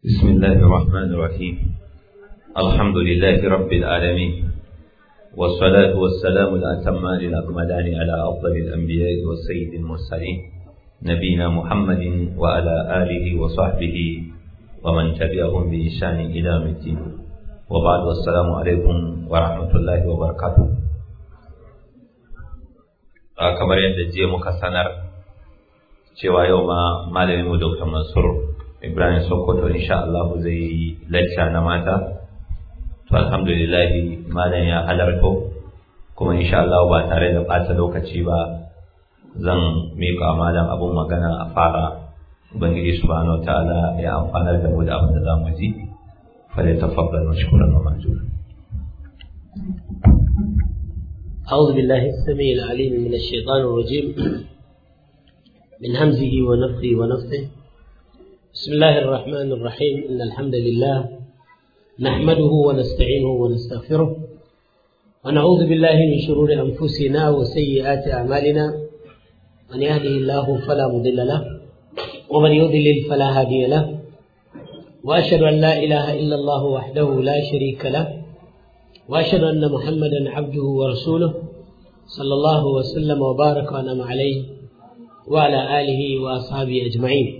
بسم الله الرحمن الرحيم الحمد لله رب العالمين والصلاة والسلام الأتمان الأكملان على أفضل الأنبياء والسيد المرسلين نبينا محمد وعلى آله وصحبه ومن تبعهم بإحسان إلى الدين وبعد والسلام عليكم ورحمة الله وبركاته kamar yadda jiya muka sanar cewa yau ma malamin mu Dr. Mansur ibrahim sokoto insha Allah zai yi lecture na mata to alhamdulillah malam ya halarto kuma insha Allah ba tare da bata lokaci ba zan miƙa malam abun magana a fara ubangiji subhanahu ta'ala ya amfanar da mu da abin da zamu ji fa la tafaddal shukran wa majura أعوذ بالله السميع العليم من الشيطان الرجيم من همزه ونفخه ونفثه بسم الله الرحمن الرحيم إن الحمد لله نحمده ونستعينه ونستغفره ونعوذ بالله من شرور أنفسنا وسيئات أعمالنا من يهده الله فلا مضل له ومن يضلل فلا هادي له وأشهد أن لا إله إلا الله وحده لا شريك له وأشهد أن محمدا عبده ورسوله صلى الله وسلم وبارك ونعم عليه وعلى آله وأصحابه أجمعين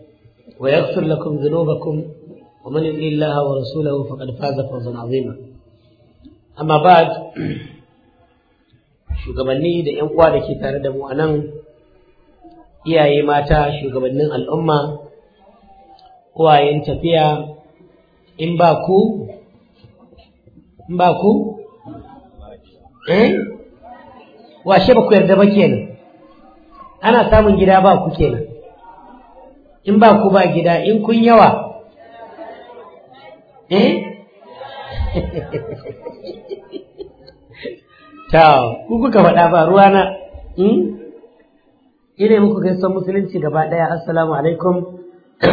ويغفر لكم ذنوبكم ومن يطع الله ورسوله فقد فاز فوزا عظيما أما بعد shugabanni da 'yan uwa da ke tare da mu a nan iyaye mata shugabannin al'umma uwayen tafiya in ba ku in ba ku eh washe ba ku yarda ba kenan ana samun gida ba ku kenan in ba ku ba gida in kun yawa eh ta ku kuka faɗa ba ruwa ruwana hmm? ina muku gaisan musulunci gaba ɗaya assalamu alaikum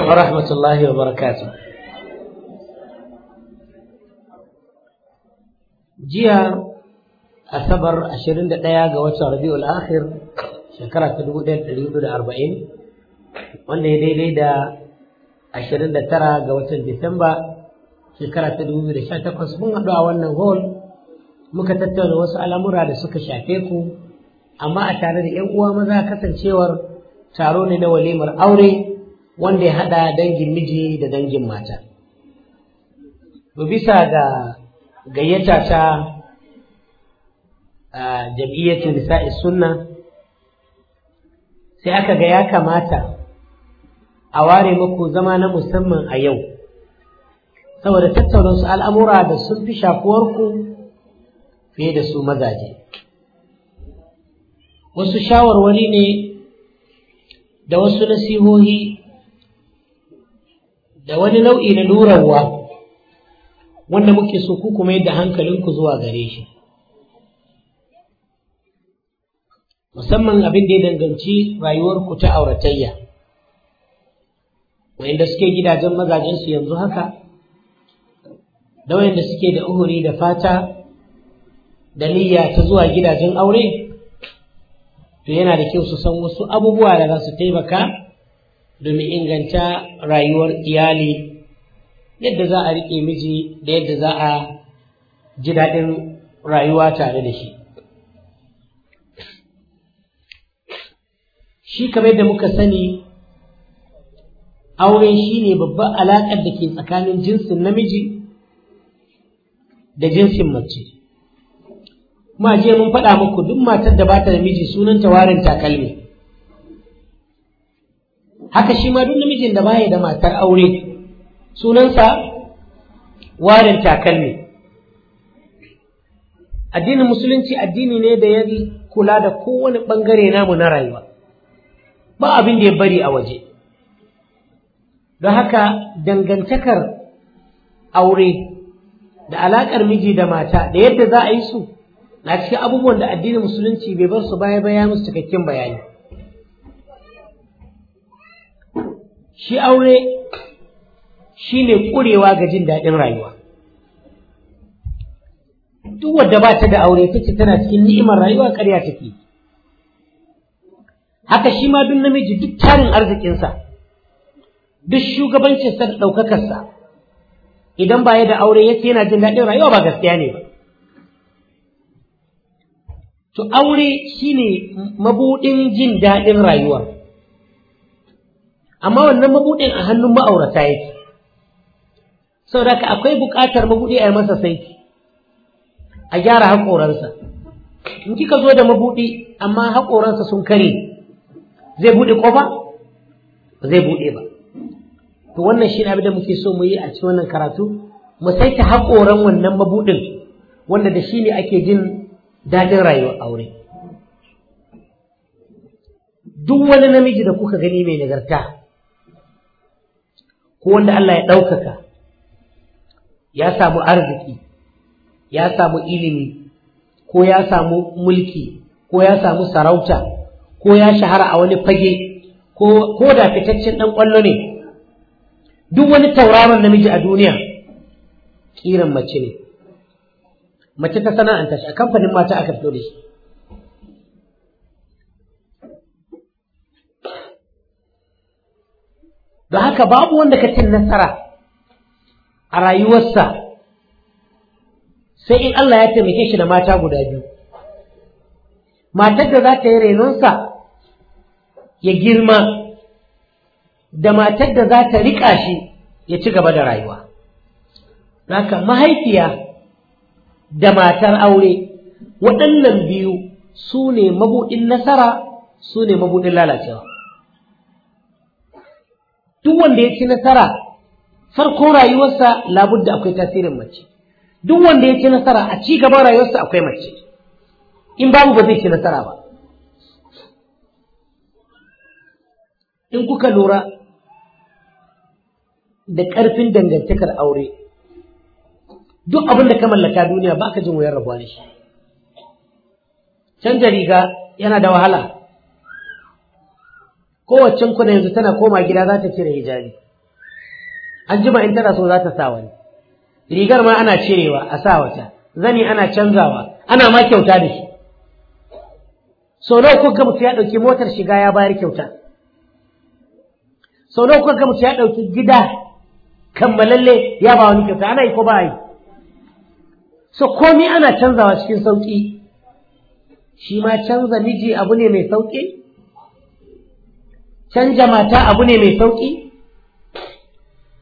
wa rahmatullahi wa barakatuh jiya asabar 21 ga watan rabi'ul akhir shekara ta 1440 wanda ya daidai da ashirin da tara ga watan Disamba shekara ta dubu da sha takwas mun haɗu a wannan hall muka tattauna wasu al'amura da suka shafe ku amma a tare da 'yan uwa maza kasancewar taro ne na walimar aure wanda ya haɗa dangin miji da dangin mata. bisa ga gayyata ta jam'iyyar nisa'i sunna sai aka ga ya kamata a ware muku zama na musamman a yau saboda tattauna su al'amura da sun fi shafuwarku fiye da su mazaje wasu shawarwari ne da wasu nasihohi da wani nau'i na lurarwa wanda muke so ku kuma yadda hankalinku zuwa gare shi musamman abin da ya danganci rayuwarku ta auratayya wanda suke gidajen mazajen su yanzu haka da wayanda suke da uhuri da fata da niyya ta zuwa gidajen aure to yana da kyau su san wasu abubuwa da za su taimaka domin inganta rayuwar iyali yadda za a riƙe miji da yadda za a ji daɗin rayuwa tare da shi shi kamar da muka sani aure shi ne babban alaƙar da ke tsakanin jinsin namiji da jinsin mace kuma je mun faɗa muku duk matar da bata da miji sunanta warin takalmi haka shi ma duk namijin da baya da matar aure sunansa warin takalmi addinin musulunci addini ne da ya kula da kowane ɓangare namu na rayuwa ba abin da ya bari a waje don haka dangantakar aure da alaƙar miji da mata da yadda za a yi su na cikin abubuwan da addinin musulunci bai bar su baya baya musu cikakken bayani shi aure shi ne ƙurewa ga jin daɗin rayuwa duk wadda ba ta da aure ta ce tana cikin ni'imar rayuwa ƙarya take haka shi ma duk namiji duk tarin arzikinsa duk sa da sa, idan ba ya da aure ya yana jin daɗin rayuwa ba gaskiya ne ba to aure shine mabuɗin jin daɗin rayuwa amma wannan mabuɗin a hannun ma'aurata yake saboda ka akwai buƙatar mabuɗi a masa saiti a gyara haƙoransa in kika zo da mabuɗi amma haƙoransa sun kare zai buɗe ƙofa ba zai buɗe ba to wannan shi ne abin da muke so mu yi a cikin wannan karatu mu saita haƙoran wannan mabuɗin wanda da shi ne ake jin daɗin rayuwar aure duk wani namiji da kuka gani mai nagarta ko wanda Allah ya ɗaukaka ya samu arziki ya samu ilimi ko ya samu mulki ko ya samu sarauta ko ya shahara a wani fage ko da fitaccen ɗan ƙwallo ne duk wani tauraron namiji a duniya kiran mace ne mace ta sana'anta shi a kamfanin mata aka fito da shi da haka babu wanda ka cin nasara a rayuwarsa sai in Allah ya taimake shi da mata guda biyu matar da za ta yi renonsa ya girma da matar da za ta riƙa shi ya ci gaba da rayuwa Naka, mahaifiya da matar aure waɗannan biyu su ne mabuɗin nasara su ne mabuɗin lalacewa duk wanda ya ci nasara farko rayuwarsa labudda akwai tasirin mace duk wanda ya ci nasara a ci gaban rayuwarsa akwai mace in babu ba zai ci nasara ba in kuka lura da ƙarfin dangantakar aure duk abin da ka mallaka duniya ba ka jin wuyar rabuwa da shi canza riga yana da wahala kowaccen ku da yanzu tana koma gida za ta cire hijabi an jima in tana so za ta sa wani rigar ma ana cirewa a sa wata zani ana canzawa ana ma kyauta da shi sau nawa kuka mutu ya ɗauki motar shiga ya bayar kyauta sau nawa kuka mutu ya ɗauki gida kammalalle ya ba wani kyauta ana yi ko ba yi so komi ana canzawa cikin sauƙi shi ma canza miji abu ne mai sauƙi canja mata abu ne mai sauƙi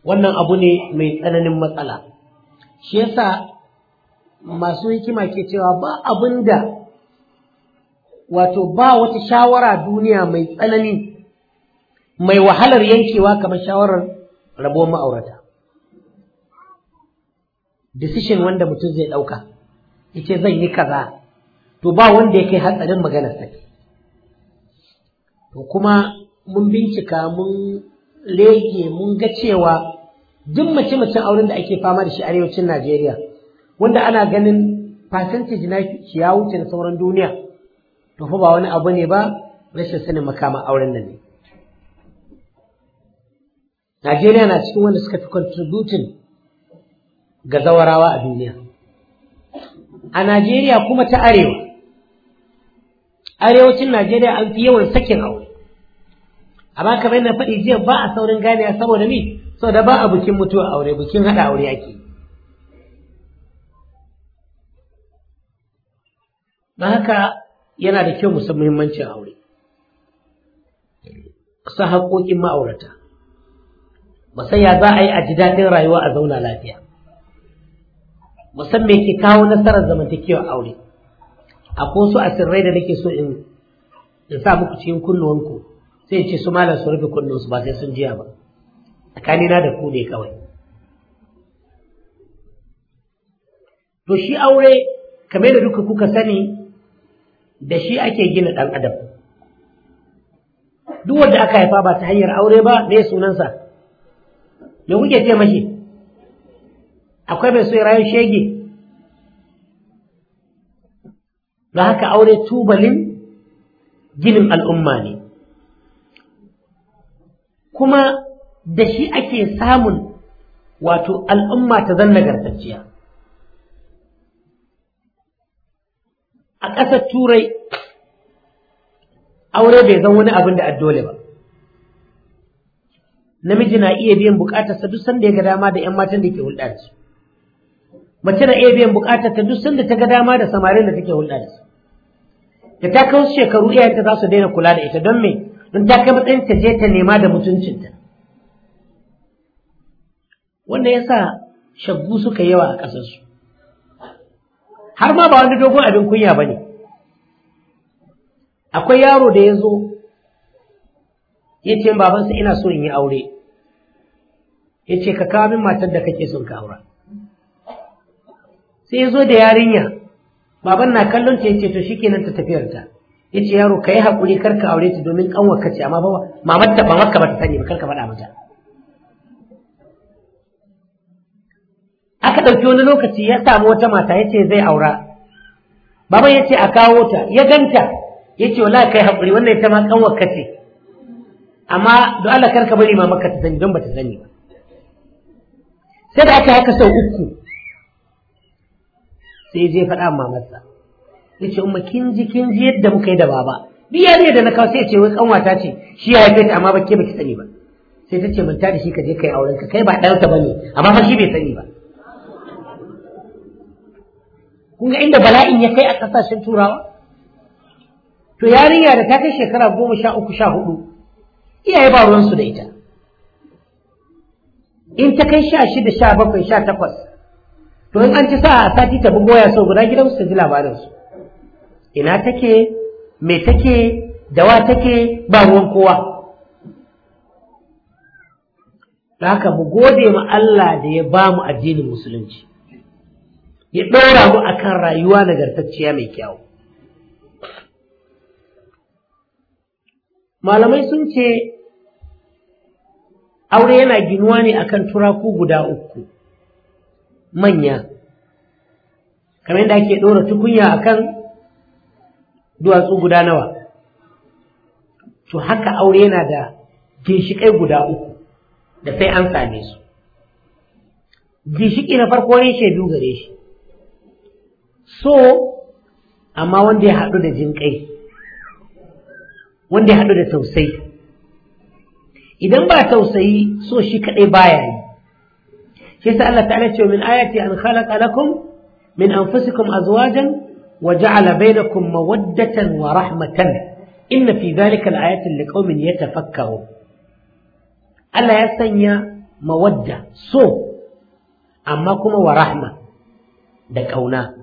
wannan abu ne mai tsananin matsala shi yasa masu hikima ke cewa ba abin da wato ba wata shawara duniya mai tsanani mai wahalar yankewa kamar shawarar rabuwar ma'aurata decision wanda mutum zai ɗauka yace zan yi kaza to ba wanda ya kai hatsarin maganar saki to kuma mun bincika mun lege mun ga cewa duk mace-macen auren da ake fama da shi arewacin Najeriya wanda ana ganin fasance na shi ya wuce na sauran duniya to fa ba wani abu ne ba rashin sanin makaman auren nan ne Najeriya na cikin wanda suka fi contributing ga zawarawa a duniya. A Najeriya kuma ta arewa, arewacin Najeriya an fi yawan sakin aure. Amma kamar na faɗi jiya ba a saurin gane saboda me? Saboda ba a bikin mutuwa aure, bikin haɗa aure ake yi. haka yana da kyau musamman muhimmancin aure kusa haƙoƙin ma'aurata musan za a yi a ji daɗin rayuwa a zauna lafiya musan me ke kawo nasarar zamantakewa aure akwai a asirrai da nake so in sa muku cikin kunnuwanku sai ce su malam su rufe kunnuwansu ba sai sun jiya ba tsakanina da ku ne kawai to shi aure kamar da duka kuka sani da shi ake gina ɗan adam duk wanda aka haifa ba ta hanyar aure ba me sunansa me kuke ce mashi akwai mai so ya rayu shege don haka aure tubalin ginin al'umma ne kuma da shi ake samun wato al'umma ta zan gartacciya a ƙasar turai aure bai zan wani abin da addole ba namiji na iya biyan bukatar sa duk sanda ya ga dama da ƴan matan da ke hulɗa da su mace na iya biyan bukatar ta duk sanda ta ga dama da samarin da take hulɗa da su da ta kawo shekaru iyayenta za su daina kula da ita don me don ta kai matsayin ta je ta nema da mutuncinta wanda ya sa shaggu suka yawa a ƙasarsu har ma ba wani dogon abin kunya ba ne akwai yaro da ya zo ya ce babansa ina so in yi aure ya ce ka kawo min matar da kake son ka aura sai ya zo da yarinya baban na kallon ta ya ce to shikenan ta tafiyar ta ya ce yaro ka yi haƙuri kar ka aure ta domin ƙanwa ka ce amma ba mamar ta ba maka ba ta sani ba kar ka faɗa mata aka ɗauki wani lokaci ya samu wata mata ya ce zai aura baban ya ce a kawo ta ya ganta ya ce wala kai haƙuri wannan ita ma ƙanwar ka ce amma don Allah kar ka bari mamar ka ta sani don ba ta sani ba sai da aka haka sau uku sai je faɗa mamarsa ya ce umma kin ji kin ji yadda muka yi da baba duk yariyar da na kawo sai ce wai kanwata ce shi ya haife ta amma ba ke baki sani ba sai ta ce mun da shi ka je kai auren ka kai ba ba bane amma fa shi bai sani ba kun inda bala'in ya kai a ƙasashen turawa to yarinya da ta kai shekara goma sha uku sha hudu iyaye ba ruwansu da ita in ta kai sha shida sha bakwai sha takwas to in an ci sa a sati ta bugo ya so guda gidan su ji labarinsu ina take me take da wa take ba ruwan kowa da haka mu gode ma Allah da ya ba mu addinin musulunci ya ɗora mu akan rayuwa nagartacciya mai kyau malamai sun ce aure yana ginuwa ne akan turaku guda uku manya kamar yadda ake ɗora tukunya akan duwatsu guda nawa to haka aure yana da ginshiƙai guda uku da sai an same su ginshiƙi na farko ne shaidu gare shi so amma wanda ya haɗu da jinƙai wanda ya haɗu da tausai idan ba tausayi so shi kadai baya yi shi yasa Allah ta'ala ce min ayati an khalaqa lakum min anfusikum azwajan wa ja'ala bainakum mawaddatan wa rahmatan inna fi dhalika al-ayatin liqaumin yatafakkarun Allah ya sanya mawadda so amma kuma wa rahma da kauna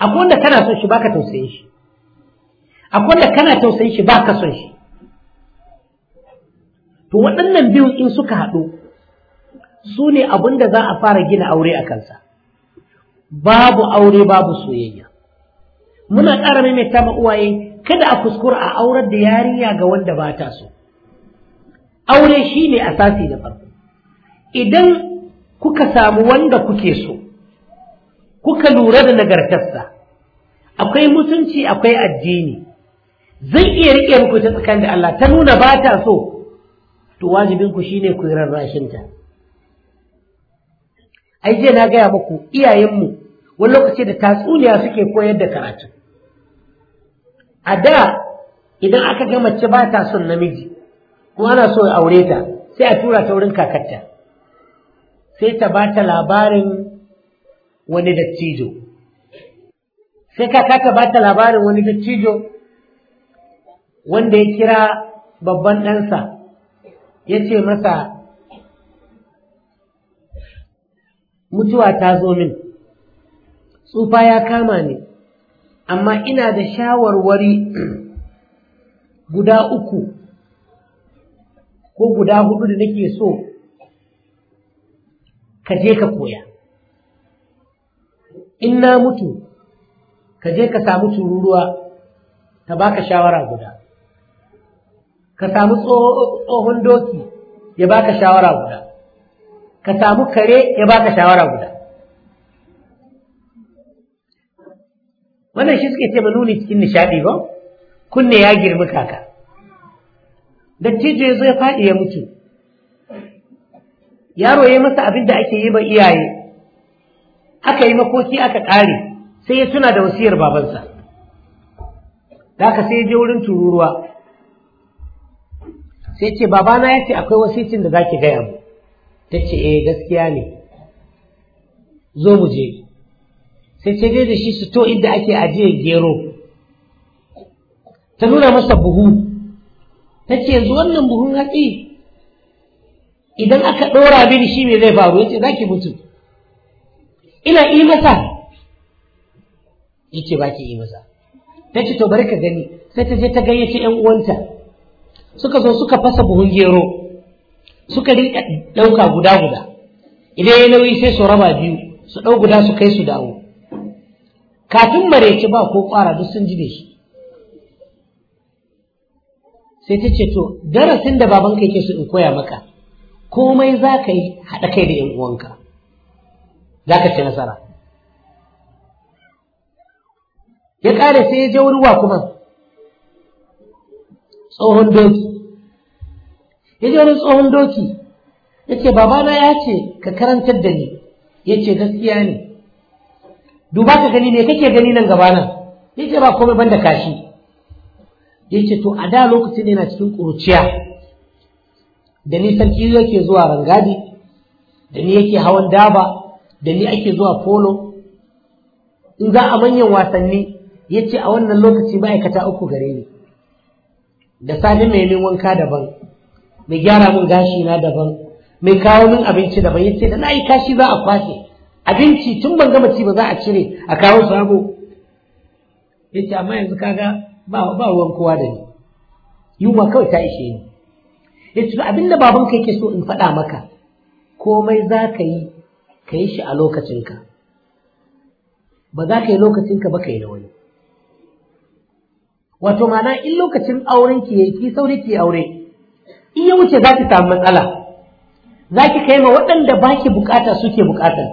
akwai wanda kana son shi baka tausayin shi akwai wanda kana tausayin shi baka son shi to waɗannan biyun in suka haɗu su ne abin da za a fara gina aure a kansa babu aure babu soyayya muna ƙara maimaita ma uwaye kada a kuskura a aurar da yarinya ga wanda ba ta so aure shi ne asasi da farko idan kuka samu wanda kuke so kuka lura da nagartarsa akwai mutunci akwai addini zai iya riƙe muku ta tsakanin da Allah ta nuna ba ta so to wajibin ku shine ku yi rarrashin ai je na gaya muku iyayenmu wani lokaci da tatsuniya suke koyar da karatu a da idan aka ga mace ba ta son namiji ko ana so ya aure ta sai a tura ta wurin kakarta sai ta ba ta labarin wani dattijo sai kaka ta ba ta labarin wani dattijo wanda ya kira babban ɗansa ya ce masa mutuwa ta zo min tsufa ya kama ni amma ina da shawarwari guda uku ko guda hudu da nake so ka je ka koya in na mutu ka je ka samu tururuwa ta baka shawara guda ka samu tsohon doki ya baka shawara guda ka samu kare ya baka shawara guda wannan shi suke ce ba nuni cikin nishaɗi ba kunne ya girmi kaka dattijo ya zo ya faɗi ya mutu yaro ya masa abin da ake yi ba iyaye aka yi makoki aka ƙare sai ya tuna da wasiyar babansa da aka sai ya je wurin tururuwa sai ce babana ya ce akwai wasicin da za ki gaya mu ta ce eh gaskiya ne zo mu je sai ce dai da shi su to inda ake ajiye gero ta nuna masa buhu ta ce yanzu wannan buhun hatsi idan aka ɗora mini shi me zai faru yace za ki mutu ina yi masa yace ba ki yi masa ta ce to bari ka gani sai ta je ta gayyace 'yan uwanta suka zo suka fasa buhun gero suka rinka ɗauka guda guda idan ya nauyi sai su raba biyu su ɗau guda su kai su dawo kafin mareci ba ko ƙwara duk sun ji da shi sai ta ce to darasin da babanka yake so in koya maka komai za ka yi haɗa kai da 'yan uwanka za ka ci nasara ya ƙare sai ya je wuri wa kuma tsohon doki yaje wani tsohon doki ya babana ya ce ka karantar da ni ya gaskiya ne duba ka gani ne kake gani nan gabana ya ce ba komai da kashi yace to a da lokacin yana cikin ƙuruciya da ni sarki yake zuwa rangadi da ni yake hawan daba da ni ake zuwa polo in za a manyan wasanni yace a wannan lokaci ma'aikata uku gare ni da safe mai min wanka daban mai gyara min gashi na daban mai kawo min abinci daban yace da nayi kashi za a kwashe abinci tun ban gama ci ba za a cire a kawo sabo yace amma yanzu kaga ba ba ruwan kowa da ni yunwa kawai ta ishe ni yace da abinda babanka ke so in faɗa maka komai za ka yi ka yi shi a lokacinka ba za ka yi lokacinka ba ka yi da wani wato ma'ana in lokacin auren ki yayi ki saurayi ki aure in ya wuce za ki samu matsala za ki kai ma waɗanda ba ki bukata suke bukatar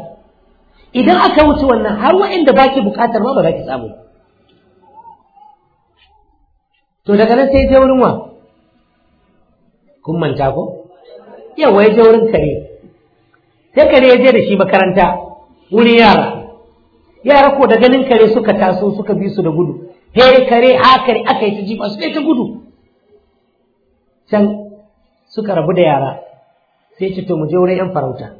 idan aka wuce wannan har waɗanda ba ki bukatar ma ba za ki samu to daga nan sai je wurin wa kun manta ko yawa ya je wurin kare sai kare ya je da shi makaranta wurin yara yara ko da ganin kare suka taso suka bi su da gudu he kare hakari aka yi ta jifa su ta gudu can suka rabu da yara sai ce to mu je wurin yan farauta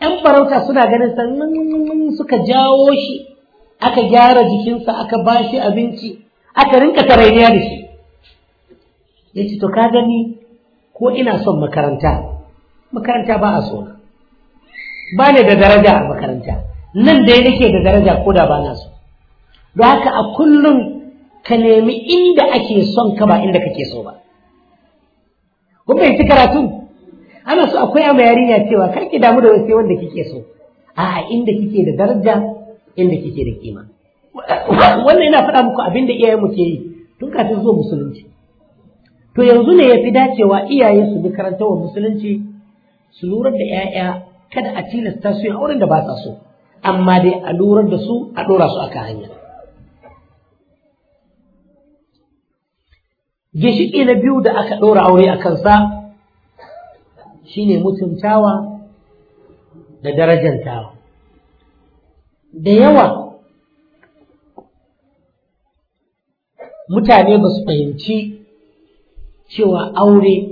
yan farauta suna ganin sannan suka jawo shi aka gyara jikinsa aka ba shi abinci aka rinka rainiya da shi ya ce to ka gani ko ina son makaranta makaranta ba a so ba ne da daraja a makaranta nan dai nake da daraja ko da ba na so da haka a kullum ka nemi inda ake son ka ba inda kake so ba kun fahimci karatu ana so akwai a yarinya cewa kar ki damu da wasu wanda kike so a inda kike da daraja inda kike da kima wannan ina faɗa muku abinda da iyayenmu ke yi tun kafin zuwa musulunci to yanzu ne ya fi dacewa iyaye su bi wa musulunci su lura da 'ya'ya kada a tilasta su yin auren da ba sa so amma dai a lura da su a ɗora su a kan hanya gishiki na biyu da aka ɗora aure a kansa shine mutuntawa da darajantawa da yawa mutane ba su fahimci cewa aure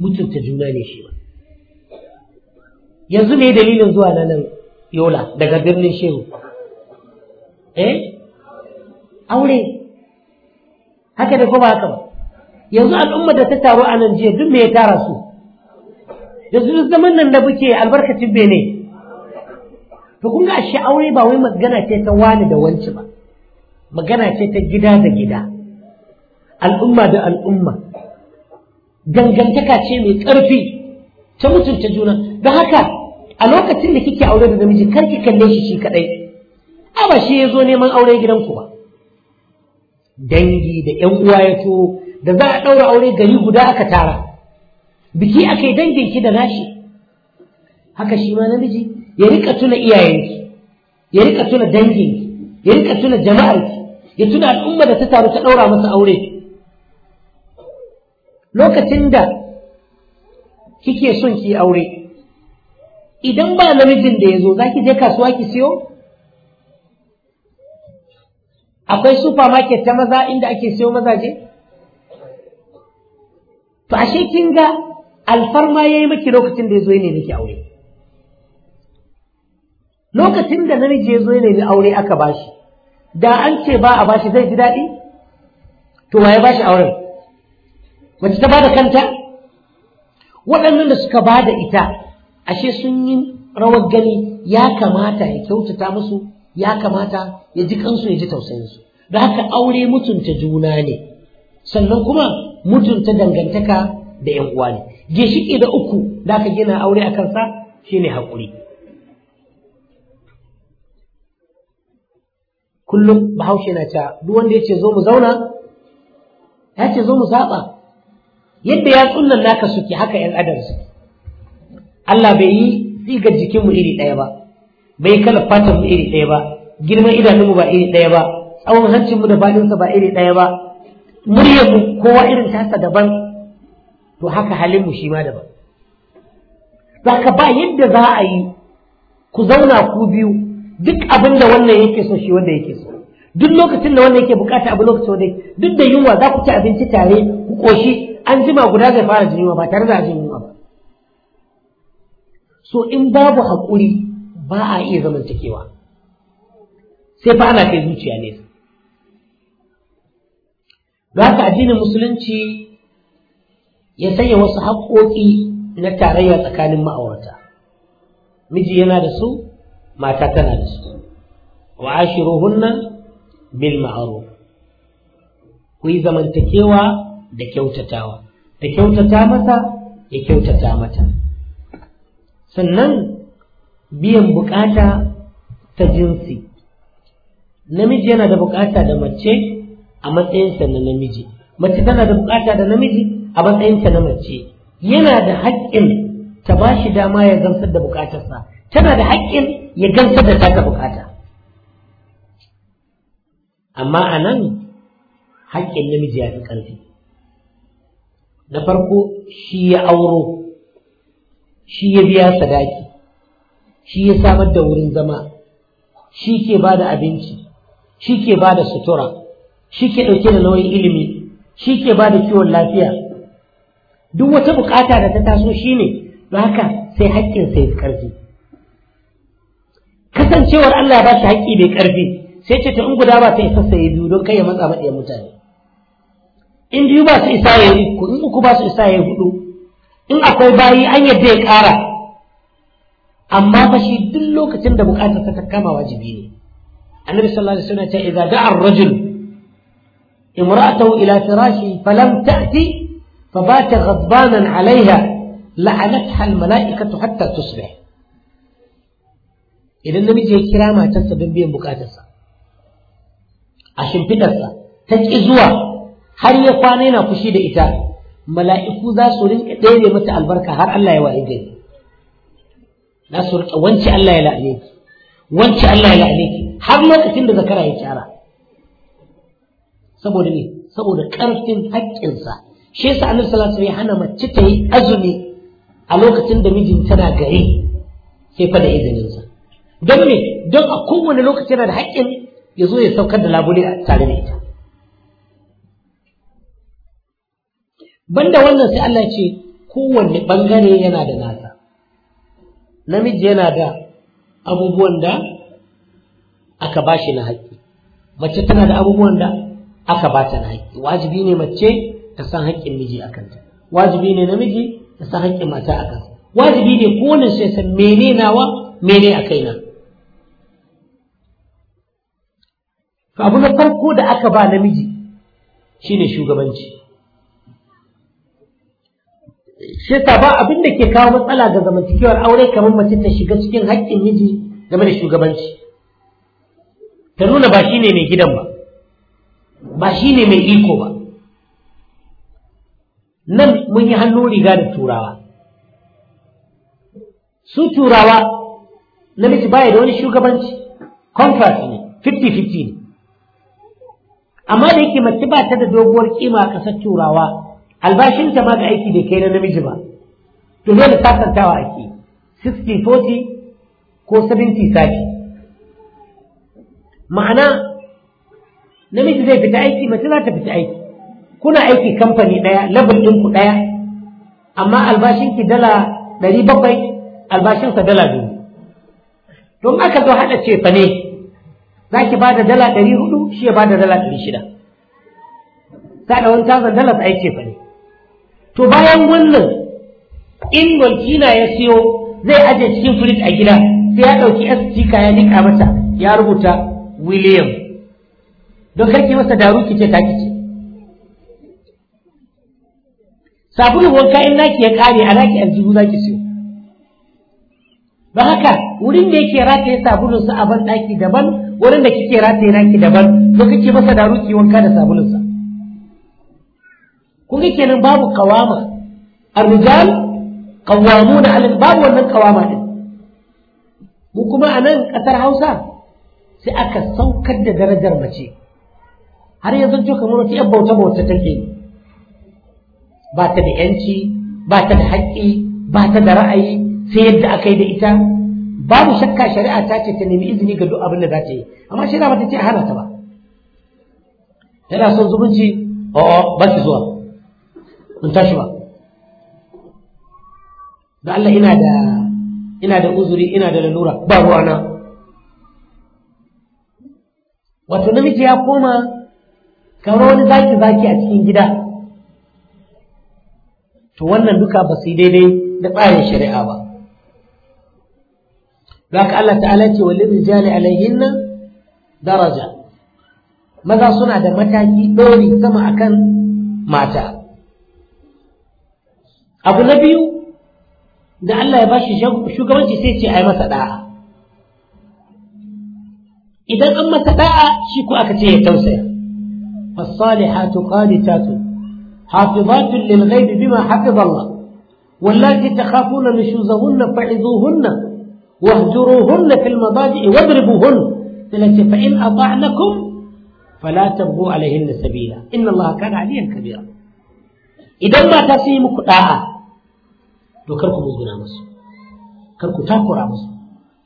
mutunta juna ne shi ba yanzu ne dalilin zuwa na nan yola daga birnin shehu eh aure haka da kuma haka ba yanzu al'umma da ta taru a nan jiya duk me ya tara su yanzu duk zaman nan da buke albarkacin bene to kun ga ashe aure ba wai magana ce ta wani da wanci ba magana ce ta gida da gida al'umma da al'umma dangantaka ce mai ƙarfi ta mutunta juna don haka a lokacin da kike aure da namiji kar ki kalle shi shi kadai a ba shi ya zo neman aure gidanku ba dangi da 'yan uwa ya to da za a ɗaura aure gari guda aka tara biki aka yi danginki da nashi haka shi ma namiji ya rika tuna iyayenki ya rika tuna danginki ya rika tuna jama'arki ya tuna al'umma da ta taru ta ɗaura masa aure lokacin da kike son ki aure idan ba namijin da ya zo za ki je kasuwa ki siyo akwai supermarket ta maza inda ake siyo mazaje to ashe kin ga alfarma yi maki lokacin da ya yazo ne miki aure lokacin da namiji yazo ne miki aure aka bashi da an ce ba a bashi zai ji daɗi to ya bashi auren mace ta bada kanta waɗannan da suka ba da ita ashe sun yi rawar gani ya kamata ya kyautata musu ya kamata ya ji kansu ya ji tausayinsu da haka aure mutunta juna ne sannan kuma mutunta dangantaka da yan uwa ne gishiki da uku da ka gina aure a kansa shine hakuri kullum bahaushe na ta duk wanda yace zo mu zauna ya ce zo mu saba yadda ya tsunnan naka suke haka yan adam su. Allah bai yi tsigar jikinmu iri ɗaya ba bai kala fatanmu iri ɗaya ba girman idanunmu ba iri ɗaya ba tsawon hancinmu da faɗinsa ba iri ɗaya ba Muryarmu kowa irin tasa daban to haka halinmu mu shi ma daban ka ba yadda za a yi ku zauna ku biyu duk abin da wannan yake so shi wanda yake so duk lokacin da wannan yake bukata abu lokacin wanda duk da yunwa za ku ci abinci tare ku koshi an jima guda zai fara jin yunwa ba tare da jin yunwa ba so in babu haƙuri ba a iya zamantakewa sai fa ana kai zuciya nesa baka haka addinin musulunci ya sanya wasu haƙoƙi na tarayya tsakanin ma'aurata miji yana da su mata tana da su wa ashiruhunna bil ma'ruf ku yi zamantakewa da kyautatawa da kyautata mata ya kyautata mata sannan biyan bukata ta jinsi namiji yana da bukata da mace a matsayinsa na namiji mace tana da bukata da namiji a matsayinta na mace yana da haƙƙin ta ba shi dama ya gamsar da bukatarsa tana da haƙƙin ya gamsar da taka bukata amma a nan haƙƙin namiji ya fi ƙarfi na farko shi ya auro shi ya biya sadaki shi ya samar da wurin zama shi ke ba da abinci shi ke ba da sutura shi ke ɗauke da nauyin ilimi shi ke ba da kiwon lafiya duk wata bukata da ta taso shi ne don haka sai haƙƙin sai ƙarfi kasancewar Allah ba shi haƙƙi bai ƙarfi sai ce ta in guda ba ta isa sai biyu don kai ya matsa maɗaya mutane in biyu ba su isa ya yi, uku in uku ba su isa ya yi hudu in akwai bayi an yadda ya ƙara amma fa shi duk lokacin da bukatar ta kama wajibi ne annabi sallallahu alaihi wasallam ya ce idza da'a ar-rajul امرأته إلى فراشه فلم تأتي فبات غضبانا عليها لعنتها الملائكة حتى تصبح إذا النبي جاي كرامة تسبب بين بكاتسا عشان بتسا تجئزوا har ya kwana yana fushi da ita mala'iku za su rinka ɗaya mata albarka har Allah ya wa'i gari za su rinka Allah ya har lokacin da zakara ya kyara saboda ne saboda ƙarfin haƙƙinsa shi yasa annabi sallallahu alaihi wasallam hana mace ta yi azumi a lokacin da mijin tana gari sai fa da sa, don me don a kowane lokaci yana da haƙƙin ya zo ya saukar da labule a tare da ita banda wannan sai Allah ce kowanne bangare yana da nasa namiji yana da abubuwan da aka bashi na haƙƙi mace tana da abubuwan da aka ba ta na haƙƙi wajibi ne mace ta san haƙƙin miji a kanta wajibi ne namiji ta san haƙƙin mata a kansa wajibi ne kowane sai san mene nawa mene a kaina to abu na farko da aka ba namiji shine shugabanci shi ta ba abin da ke kawo matsala ga zamantakewar aure kamar mace ta shiga cikin haƙƙin miji game da shugabanci ta nuna ba shine mai gidan ba ba shi ne mai iko ba nan mun yi hannu riga da turawa su turawa namiji baya da wani shugabanci conference ne 50-50 ne amma da yake mace ba ta da doguwar kima a ƙasar turawa albashinta ma ga aiki da kai na namiji ba to dole sasantawa ake 60-40 ko 70-30 ma'ana namiji zai fita aiki mace za ta fita aiki kuna aiki kamfani ɗaya level ɗin ku ɗaya amma albashin ki dala ɗari bakwai albashin sa dala To in aka zo haɗa cefa ne za ki ba da dala ɗari hudu shi ya ba da dala ɗari shida ta da wani tazan dala ta yi cefa ne to bayan wannan in walkila ya siyo zai ajiye cikin firij a gida sai ya ɗauki sc ya nika mata ya rubuta william don kake masa daru ki ce ta ce sabulun wanka in naki ya kare a naki aljihu zaki siyo don haka wurin da yake rataye sabulun sa a ban daki daban wurin da kike rataye naki daban don kake masa daru ki wanka da sabulun sa kun ga kenan babu kawama arrijal rijal qawwamuna 'ala babu wannan kawama din mu kuma a nan ƙasar Hausa sai aka saukar da darajar mace har ya zanto kamar wata yan bauta bauta take ba ta da yanci ba ta da haƙƙi ba ta da ra'ayi sai yadda aka yi da ita babu shakka shari'a ta ce ta nemi izini ga duk abin da za ta yi amma shari'a ba ta ce hana ta ba yana son zumunci o ba ki zuwa in tashi ba da Allah ina da ina da uzuri ina da lalura ba ruwana wato namiji ya koma kamar wani zaki zaki a cikin gida to wannan duka ba su daidai da tsarin shari'a ba Zaka Allah ta'ala ce walil rijali alayhinna daraja maza suna da mataki ɗori sama akan mata abu na biyu da Allah ya bashi shugabanci sai ce yi masa ɗa'a. idan an masa ɗa'a, shi ko aka ce ya tausaya الصالحات قانتات حافظات للغيب بما حفظ الله واللاتي تخافون نشوزهن فعظوهن واهجروهن في المضاجع واضربوهن ثلاثة فإن أطعنكم فلا تبغوا عليهن سبيلا إن الله كان عليا كبيرا إذا ما تسيم داعا ذكركم بزنا مصر كركو تاكرا مصر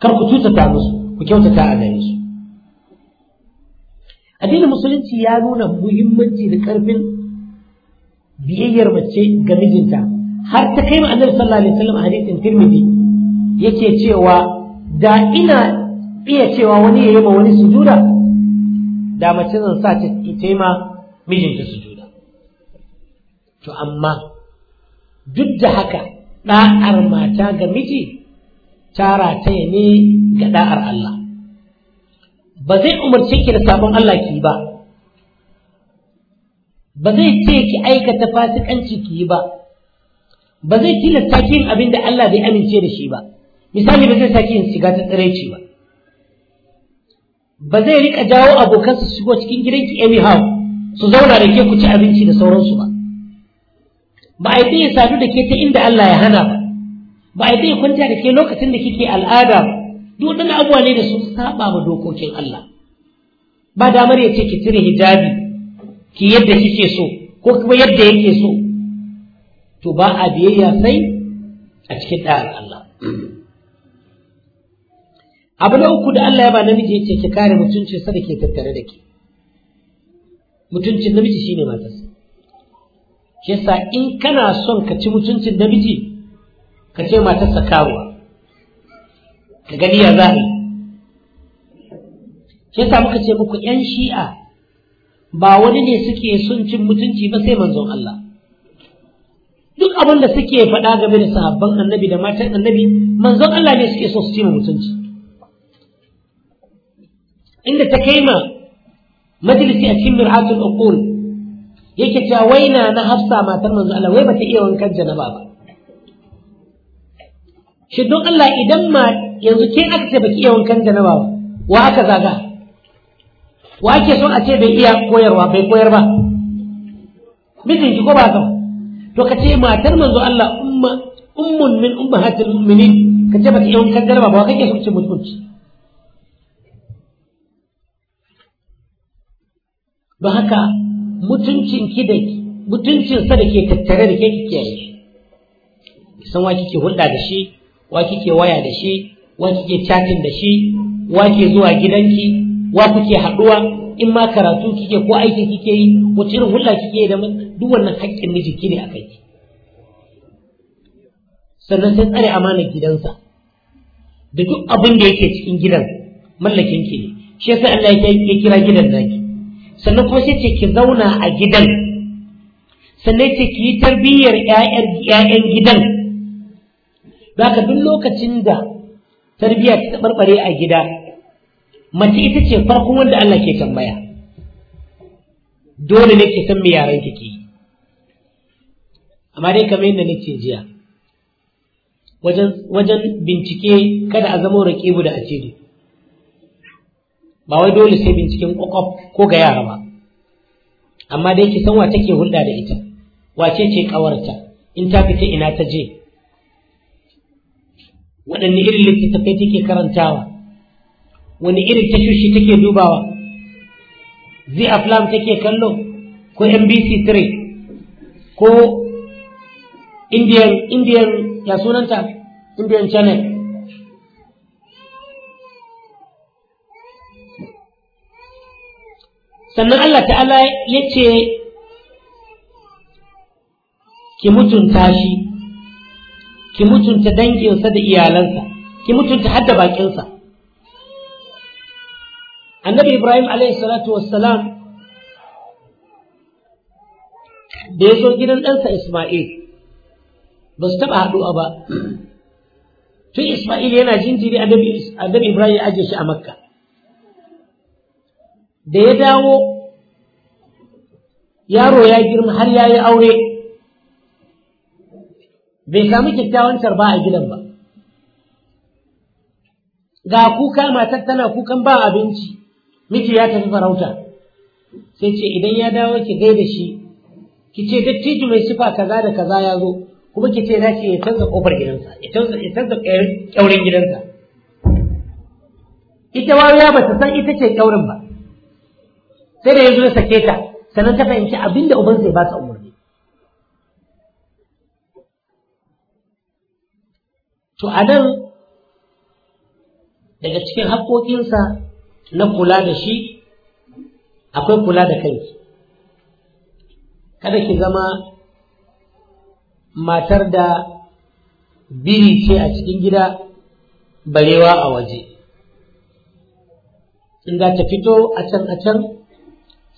كركو توتتا مصر وكيوتتا أذى يسر addinin musulunci ya nuna muhimmanci da ƙarfin biyayyar mace ga mijinta har ta kai annabi sallallahu alaihi wasallam a hadisin tirmidhi yake cewa da ina iya cewa wani ya yi ma wani sujuda da mace zan sa ta yi mijinta sujuda to amma duk da haka ɗa'ar mata ga miji ta rataya ne ga ɗa'ar Allah ba zai umarce ki da sabon Allah ki ba ba zai ce ki aikata fasikanci ki yi ba ba zai tilasta ki yin abin da Allah bai amince da shi ba misali ba zai saki yin shiga ta tsiraici ba ba zai rika jawo abokan su shigo cikin gidanki anyhow su zauna da ke ku ci abinci da sauransu ba ba a yi ya sadu da ke ta inda Allah ya hana ba ba a yi ya kwanta da ke lokacin da kike al'ada ba duk waɗannan abubuwa ne da sun saba ma dokokin Allah ba damar ya ce ki cire hijabi ki yadda kike so ko kuma yadda yake so to ba a biyayya sai a cikin ɗa'ar Allah abu na uku da Allah ya ba namiji ya ce ki kare mutuncin sa da ke tattare da ke mutuncin namiji shine matarsa shi yasa in kana son ka ci mutuncin namiji ka ce matarsa karuwa ka gani ya za yi shi yasa muka ce muku yan shi'a ba wani ne suke son cin mutunci ba sai manzon Allah duk abin da suke faɗa game da sahabban annabi da matan annabi manzon Allah ne suke so su ci mutunci inda ta kai ma majalisi a cikin mir'atul uqul yake cewa waina na hafsa matar manzon Allah wai bata iya wankan jana ba shi don Allah idan ma yanzu ke aka ce baki iya wankan na ba wa aka zaga wa ake son a ce bai iya koyarwa bai koyar ba ki ko ba ka to ka ce matar manzo Allah umma ummun min ummahatil mu'minin ka ce baki iya wankan na ba wa kake son ce mutunci ba haka mutuncin ki da mutuncinsa da ke tattare da ke kiyaye san wa kike hulɗa da shi wa kike waya da shi wa kike chatin da shi wa ke zuwa gidanki wa kuke haɗuwa in ma karatu kike ko aiki kike yi ko irin hulla kike da duk wannan haƙƙin miji kine akai sannan sai tsare amanar gidansa da duk abin da yake cikin gidan mallakin ki ne shi yasa Allah ya kira gidan naki sannan kuma sai ce ki zauna a gidan sannan ce ki yi tarbiyyar ƴaƴan gidan zaka duk lokacin da tarbiyya ta barbare a gida mace ita ce farkon wanda Allah ke tambaya dole ne ke san me yaran ki amma dai kamar yadda nake jiya wajen wajen bincike kada a zama bu da asiri ba wai dole sai binciken kokof ko ga yara ba amma dai ki san wa take hulɗa da ita wace ce ƙawarta in ta fita ina ta je waɗanne irin littattafai take karantawa wani irin tashoshi take dubawa zai aflam take kallo ko mbc 3 ko indian indian ya sunanta indian channel sannan allah ta'ala ya ce ki mutunta shi ki mutunta danginsa da iyalansa ki mutunta hadda bakinsa annabi ibrahim alaihi salatu wassalam da ya zo gidan ɗansa isma'il ba su taɓa haɗuwa ba tun isma'il yana jinjiri annabi ibrahim ya ajiye shi a makka da ya dawo yaro ya girma har ya yi aure bai samu kyakkyawan tarba a gidan ba ga kuka matar tana kukan ba abinci miki ya tafi farauta sai ce idan ya dawo ki da shi ki ce dattijo mai sifa kaza da kaza ya zo kuma ki ce za ki ya canza kofar gidansa ya canza ya canza kyauren gidansa ita wariya ba ta san ita ce kyaurin ba sai da ya zo ya sake ta sannan ta fahimci abinda ubansa ya ba ta to a nan daga cikin haƙoƙinsa na kula da shi akwai kula da kanki kada ki zama matar da biri ce a cikin gida barewa a waje in ta fito a can a can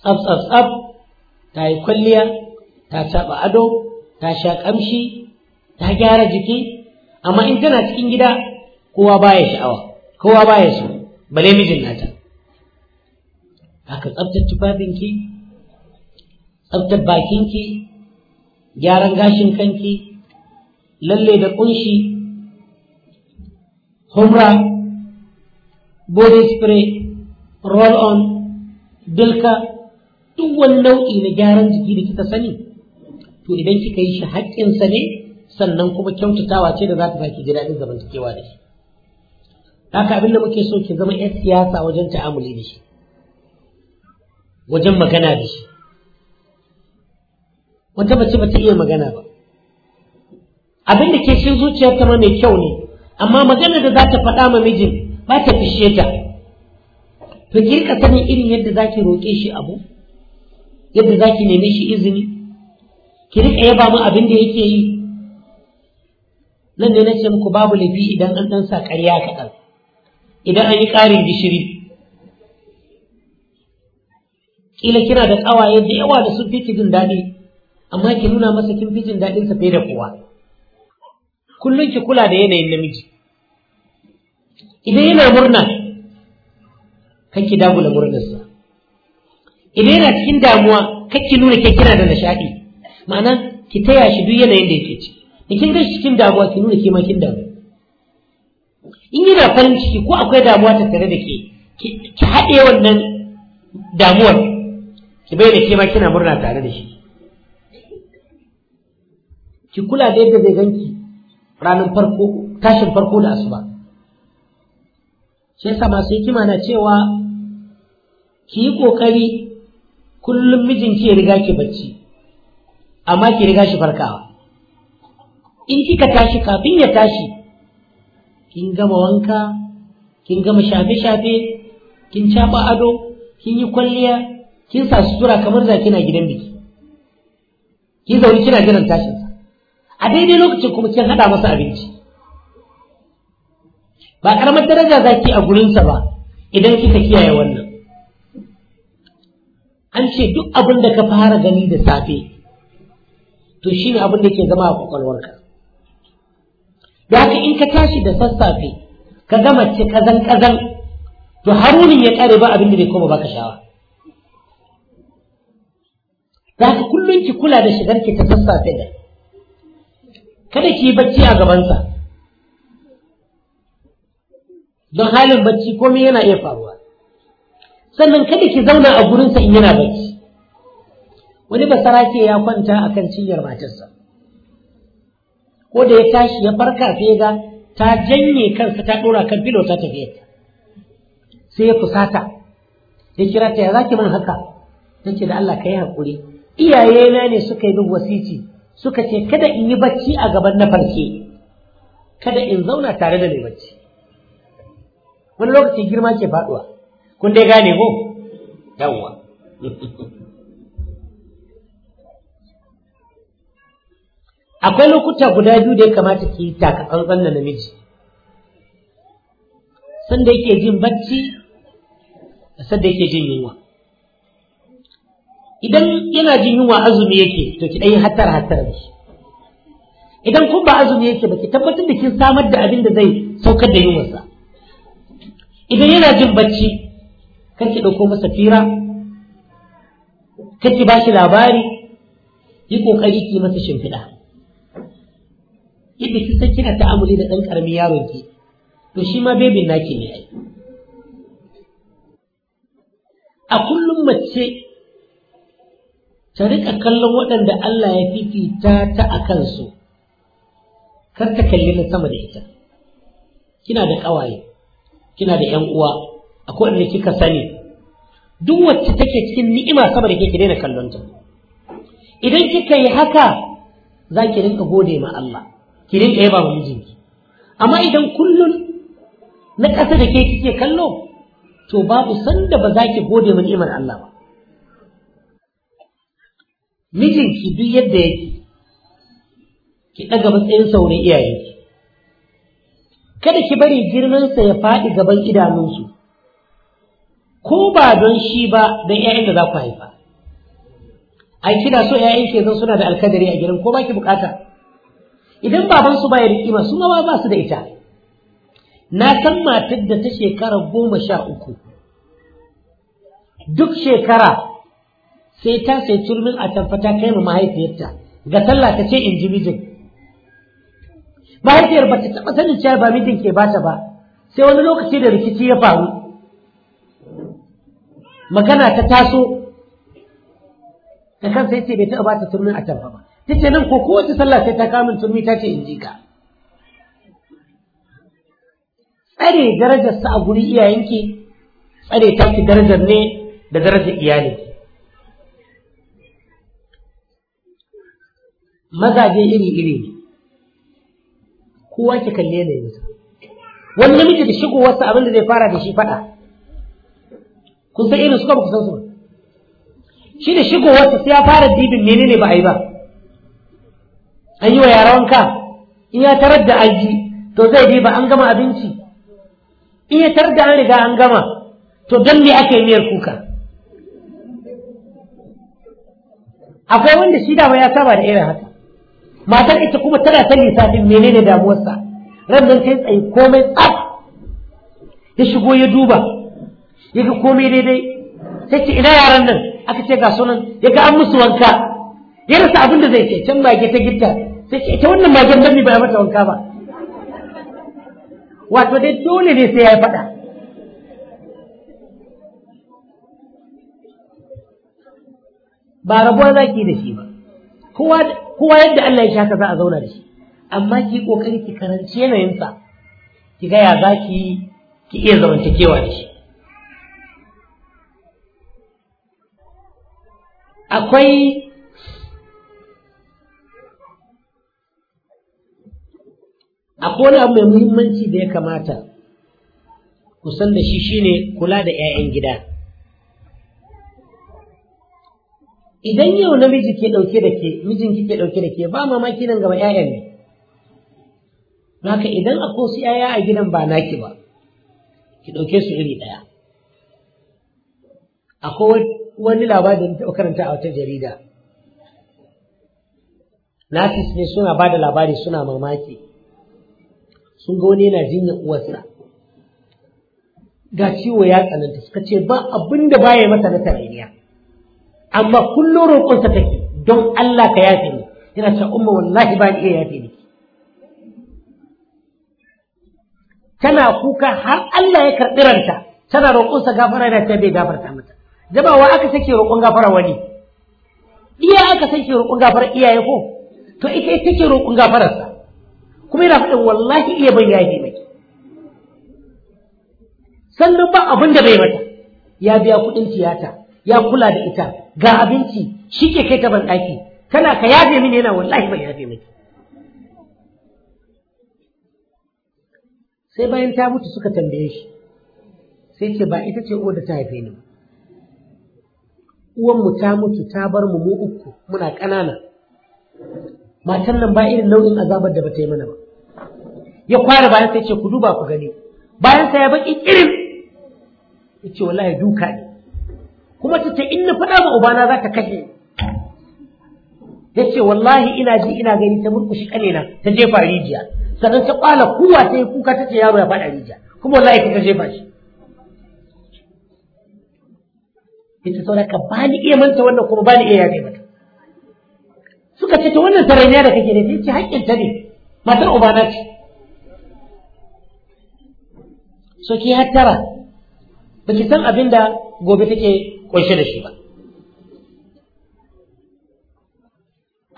tsaf tsaf tsaf ta yi kwalliya ta taɓa ado ta sha ƙamshi ta gyara jiki amma in tana cikin gida kowa baya sha'awa kowa baya so bale mijin nata haka tsaftar tufafinki tsaftar bakinki gyaran gashin kanki lalle da kunshi humra body spray roll on dilka duk wani nau'i na gyaran jiki da kika sani to idan kika yi shi haƙƙinsa ne sannan kuma kyautatawa ce da za ta baki ji zamantakewa da shi haka abin da muke so ki zama 'yan siyasa wajen ta'amuli da shi wajen magana da shi wata mace ba ta iya magana ba abin da ke cikin zuciyarta ma mai kyau ne amma magana da za ta faɗa ma mijin ba ta fishe ta to ki rika sanin irin yadda za ki roƙe shi abu yadda za ki neme shi izini ki rika yaba mu abin da yake yi nan ne nace muku babu laifi idan an dan sa ƙarya kaɗan idan an yi ƙarin gishiri kila kina da ƙawaye da yawa da sun fi jin daɗi amma ki nuna masa kin fi jin daɗin sa fiye da kowa kullum ki kula da yanayin namiji idan yana murna kan ki dagula murnarsa idan yana cikin damuwa kan ki nuna ke kina da nishaɗi ma'ana ki taya shi duk yanayin da yake ciki da kin gashi cikin damuwa ki nuna ke ma kin damu in yana farin ciki ko akwai damuwa ta tare da ke ki haɗe wannan damuwar ki bai da ke ma kina murna tare da shi ki kula da yadda zai ganki ranar farko tashin farko da asuba shi yasa masu hikima na cewa ki yi kokari kullum mijinki ya riga ki bacci amma ki riga shi farkawa in kika tashi kafin ya tashi kin gama wanka kin gama shafe-shafe kin caba ado kin yi kwalliya kin sa sutura kamar za kina gidan biki kin zaune kina jiran tashin sa a daidai lokacin kuma kin hada masa abinci ba karamar daraja za zaki a gurinsa ba idan kika kiyaye wannan an ce duk abin da ka fara gani da safe to shi ne abin da ke zama a kwakwalwarka da ka in ka tashi da sassafe ka gama ce kazan kazan to harunin ya kare ba abin da bai koma baka shawa Za ka kullum ki kula da shigar ki ta sassafe da kada ki yi bacci a gabansa don halin bacci komai yana iya faruwa sannan kada ki zauna a gurinsa in yana bacci wani ke ya kwanta a kan cinyar matarsa ko da ya tashi ya farka sai ya ga ta janye kansa ta ɗora kan filo ta tafi sai ya fusata ya kira ta ya zaki min haka nake da Allah ka hakuri Iyayena iyayena ne suka yi min wasici suka ce kada in yi bacci a gaban na farke kada in zauna tare da mai bacci wani lokaci girma ke faɗuwa, kun dai gane ko yawwa akwai lokuta guda biyu da ya kamata ki yi takatsantsan na namiji sanda yake jin bacci da sanda yake jin yunwa idan yana jin yunwa azumi yake to ki ɗan yi hatar hattar da shi idan kun ba azumi yake ba ki tabbatar da kin samar da abin da zai saukar da yunwarsa idan yana jin bacci kar ki ɗauko masa fira kan ki ba shi labari yi ƙoƙari ki masa shimfiɗa yadda ki san kina ta'amuli da ɗan ƙaramin yaron ki to shi ma bebin naki ne ai a kullum mace ta riƙa kallon waɗanda Allah ya fifita ta a kansu kar ta kalli na sama da ita kina da ƙawaye kina da ƴan uwa akwai wanda kika sani duk wacce take cikin ni'ima sama da ke daina kallon ta idan kika yi haka za ki rinka gode ma Allah ki rinka yaba wa mijinki amma idan kullun na ƙasa da ke kike kallo to babu sanda ba za ki gode wa ni'imar Allah ba mijinki duk yadda yake ki ɗaga matsayin saurin iyayenki kada ki bari girmansa ya faɗi gaban idanunsu ko ba don shi ba don ‘ya'yan da za ku haifa ai kina so ‘ya'yan ke zan suna da alkadari a gidan ko ba ki bukata idan babansu ba ya rikima, su ma ba su da ita na san matar da ta shekara goma sha uku duk shekara sai ta sai turmin a tabbata kai ma mahaifiyarta ga sallah ta ce in ji mijin mahaifiyar ba ta taɓa sanin cewa ba mijin ke bata ba sai wani lokaci da rikici ya faru magana ta taso da kan sai ce bai taɓa bata turmin a ba take nan ko kowace sallah sai ta kamun turmi ta ce in ji ka tsare darajar sa a guri iyayenki tsare ta ki darajar ne da darajar iyali? mazaje iri-iri ne kowa ki kalle ne yanzu wani namiji da shigowarsa abin da zai fara da shi faɗa kun san irin suka ba ku san su shi da shigowarsa sai ya fara dibin menene ba a yi ba an yi wa yara wanka in ya tarar da aji to zai ba an gama abinci in ya tarar da an riga an gama to don me ake miyar kuka akwai wanda shi dama ya saba da irin haka matar ita kuma tana ta lissafin menene damuwarsa ran nan kai tsaye komai tsaf ya shigo ya duba ya ga komai daidai sai ce ina yaran nan aka ce ga sunan ya ga an musu wanka ya rasa abin da zai ce can mage ta gita. sai ce ita wannan magen dan ba ya mata wanka ba wato dai dole ne sai ya faɗa ba rabuwa zaki da shi ba kowa yadda Allah ya sha ka za a zauna da shi amma ki kokari ki karanci yanayinsa ki ga ya zaki ki iya zamantakewa da shi akwai akwai wani abu mai muhimmanci da ya kamata ku san da shi shine kula da 'ya'yan gida idan yau namiji ke ɗauke da ke mijinki ke ɗauke da ke ba mamaki nan gaba 'ya'yan ne haka idan akwai su 'ya'ya a gidan ba naki ba ki ɗauke su iri ɗaya akwai wani labarin da karanta a wata jarida nafis ne suna ba da labari suna mamaki sun ga wani yana jinyar uwarsa ga ciwo ya tsananta suka ce ba abin da baya mata na tarayya amma kullum roƙonsa take don Allah ka yafe ni yana cewa umma wallahi ba ni iya yafe ni tana kuka har Allah ya karɓi ranta tana roƙonsa gafara yana ta bai gafarta mata jama'a aka sake roƙon gafara wani iya aka sake roƙon gafara iyaye ko to ita ita take roƙon gafararsa kuma yana faɗin wallahi iya ban yafi mai sannan ba abin da bai mata ya biya kuɗin tiyata ya kula da ita ga abinci shi ke kai ta ban ɗaki tana ka yafe mini yana wallahi ban yafe mai. sai bayan ta mutu suka tambaye shi sai ce ba ita ce uwar da ta haife ni uwan mu ta mutu ta bar mu mu uku muna ƙanana matan nan ba irin nau'in azabar da ba ta yi mana ba ya kware bayan sai ce ku duba ku gani bayan sa ya baki irin ce wallahi duka ne kuma ta ce in na faɗa ma ubana ta kashe ce wallahi ina ji ina gani ta murkushi kane na ta jefa rijiya sannan ta kwala kuwa ta yi kuka ta tace yaro ya faɗa rijiya kuma wallahi ta jefa shi Ita saboda ka bani iya manta wannan kuma bani iya yafe mata suka ce ta wannan sarauniya da kake da ta ce haƙƙin ta ne matar ubana ce so ki hattara baki san abin da gobe take kunshe da shi ba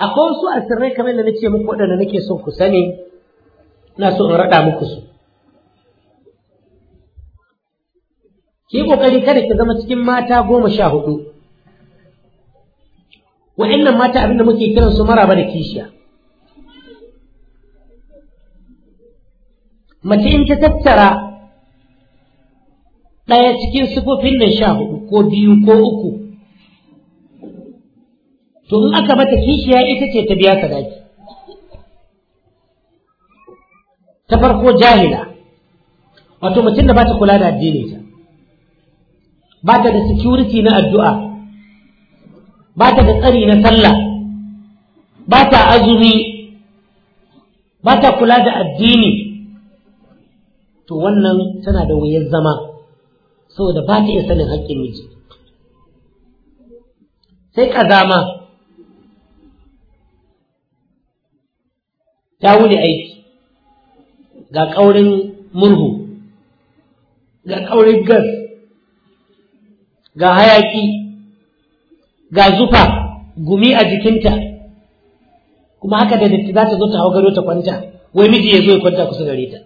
akwai wasu asirrai kamar da nace muku waɗanda nake son ku sani ina so in raɗa muku su ki ƙoƙari kada ki zama cikin mata goma sha hudu wa'annan mata abinda muke kiran su maraba da kishiya mace in ta tattara ɗaya cikin sifofin nan sha hudu ko biyu ko uku to in aka mata kishiya ita ce ta biya sadaki ta farko jahila wato mutum da ba ta kula da addini ta ba ta da security na addu'a ba ta da tsari na sallah ba ta azumi ba ta kula da addini to wannan tana da wuyar zama saboda ba ta iya sanin haƙƙin miji sai ƙazama ta wuni aiki ga ƙaurin murhu ga ƙaurin gas ga hayaƙi ga zufa gumi a jikinta kuma haka da datti za ta zo ta hau gado ta kwanta wai miji ya zo ya kwanta kusa gare ta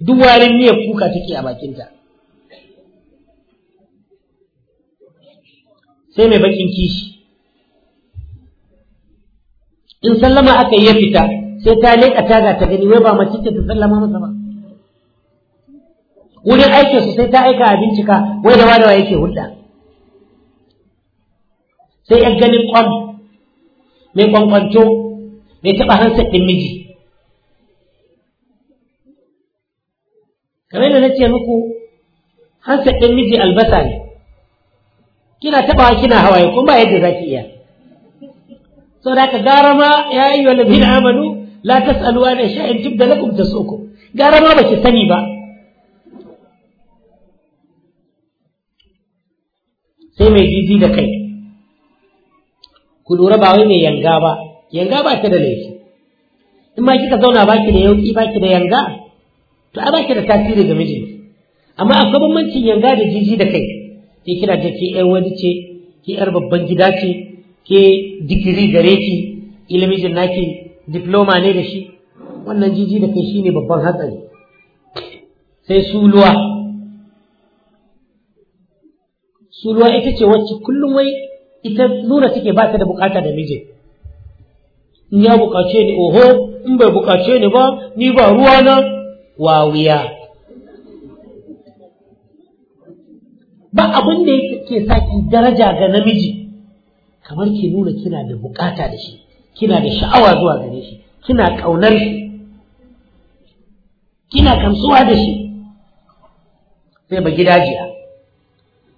duk warin miyar kuka take a bakinta sai mai bakin kishi in sallama aka yi ya fita sai ta leƙa taga ta gani wai ba mace ce ta sallama masa ba wurin aikin su sai ta aika a bincika wai da wadawa yake hulɗa sai ya gani kwan mai kwankwanto mai taɓa hansa ɗin miji kamar da na ce muku hansa ɗin miji albasa ne kina taba kina hawaye kuma ba yadda zaki iya so da ka gara ma ya ayyuhal ladina amanu la tasalu an shay'in tubda lakum tasukum gara ma baki sani ba sai mai jiji da kai ku lura ba wai mai yanga ba yanga ba ta da laifi in ma kika zauna baki da yauki baki da yanga to a ki da tasiri ga mijinki amma akwai bambancin yanga da jiji da kai ke kira ta ke yar wani ce ke yar babban gida ce ke digiri gare ki ilimin naki diploma ne da shi wannan jiji da kai shine babban hatsari sai suluwa suluwa ita ce wacce kullum wai ita nuna take ba ta da bukata da miji. in ya bukace ni oho in bai bukace ni ba ni ba ruwa na wawiya ba abin da yake sa ki daraja ga namiji kamar ki nuna kina da bukata da shi kina da sha'awa zuwa gare shi kina kaunar shi kina kamsuwa da shi sai ba gidajiya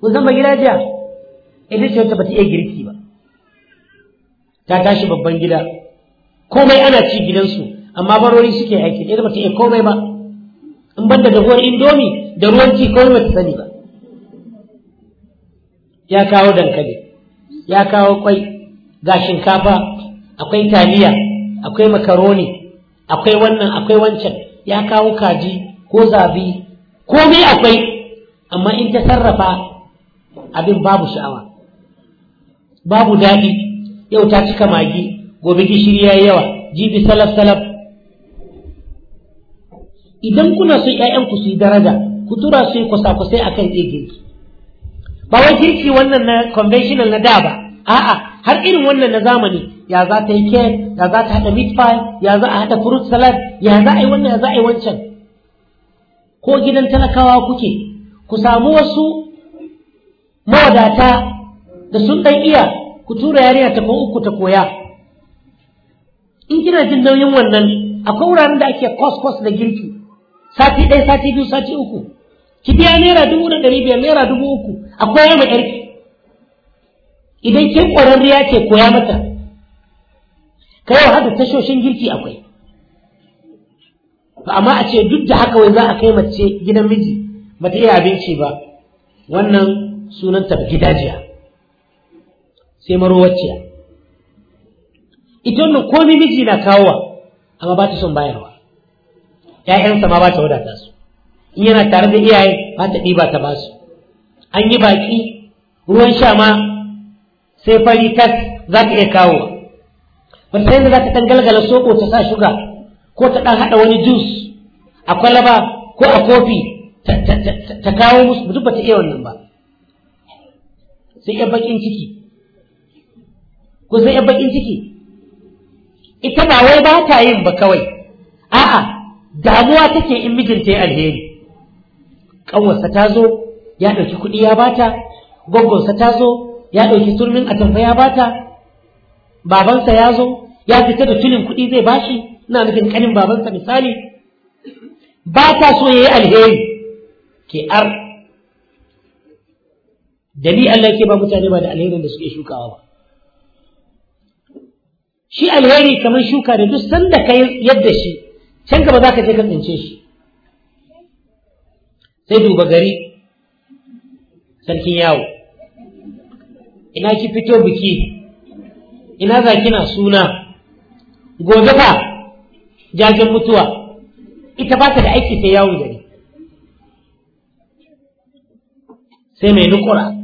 kun san ba gidajiya ita ce ta bata iya girki ba ta tashi babban gida komai ana ci gidansu amma barori suke aiki ita bata iya komai ba in banda da ruwan indomi da ruwan ci kawai bata sani ba ya kawo dankali ya kawo kwai ga shinkafa akwai taliya akwai makaroni akwai wannan akwai wancan ya kawo kaji ko zabi komai akwai amma in ta sarrafa abin babu sha'awa babu daɗi yau ta cika magi gobe gishiri ya yawa jibi salaf salaf idan kuna so 'ya'yanku su yi daraja ku tura su yi kwasa-kwasai akan tsegin ba wai girki wannan na conventional na da ba a'a har irin wannan na zamani ya za ta yi cake ya za ta haɗa meat pie ya za a haɗa fruit salad ya za a yi wannan ya za a yi wancan ko gidan talakawa kuke ku samu wasu mawadata da sun ɗan iya ku tura yarinya ta ko uku ta koya in kina jin nauyin wannan akwai wuraren da ake kwas-kwas da girki sati ɗaya sati biyu sati uku ki biya naira dubu da ɗari biyar naira dubu uku a koya ma yarki idan ke ƙwararriya ke koya mata ka yau haka tashoshin girki akwai ba amma a ce duk da haka wai za a kai mace gidan miji ba ta iya abinci ba wannan sunan ta gidajiya sai marowacciya ita wannan komi miji na kawowa amma ba ta son bayarwa ‘ya'yansa ma ba ta wadata su yana tare da iyaye ba ta ɗiba ta basu an yi baƙi ruwan sha ma sai fari tas za ta iya kawo ba sai da za ta tangalgala soko ta sa shuga ko ta ɗan haɗa wani jus a kwalaba ko a kofi ta kawo musu duk ba ta iya wannan ba sai ya bakin ciki ko sai ya bakin ciki ita ba wai ba ta yin ba kawai a'a damuwa take in mijinta ya alheri ƙanwarsa ta zo ya ɗauki kuɗi ya bata gwaggonsa ta zo ya ɗauki turmin tamfa ya bata babansa ya zo ya fita da tulin kuɗi zai bashi ina nufin ƙanin babansa misali ba ta so ya yi alheri ke ar dali Allah ke ba mutane ba da alherin da suke shukawa ba shi alheri kamar shuka da duk sanda ka yadda shi can gaba za ka je ka tsince shi sai duba gari sarkin yawo ina ki fito biki ina za kina suna gobe fa jajen mutuwa ita ba ta da aiki sai yawon gari sai mai nukura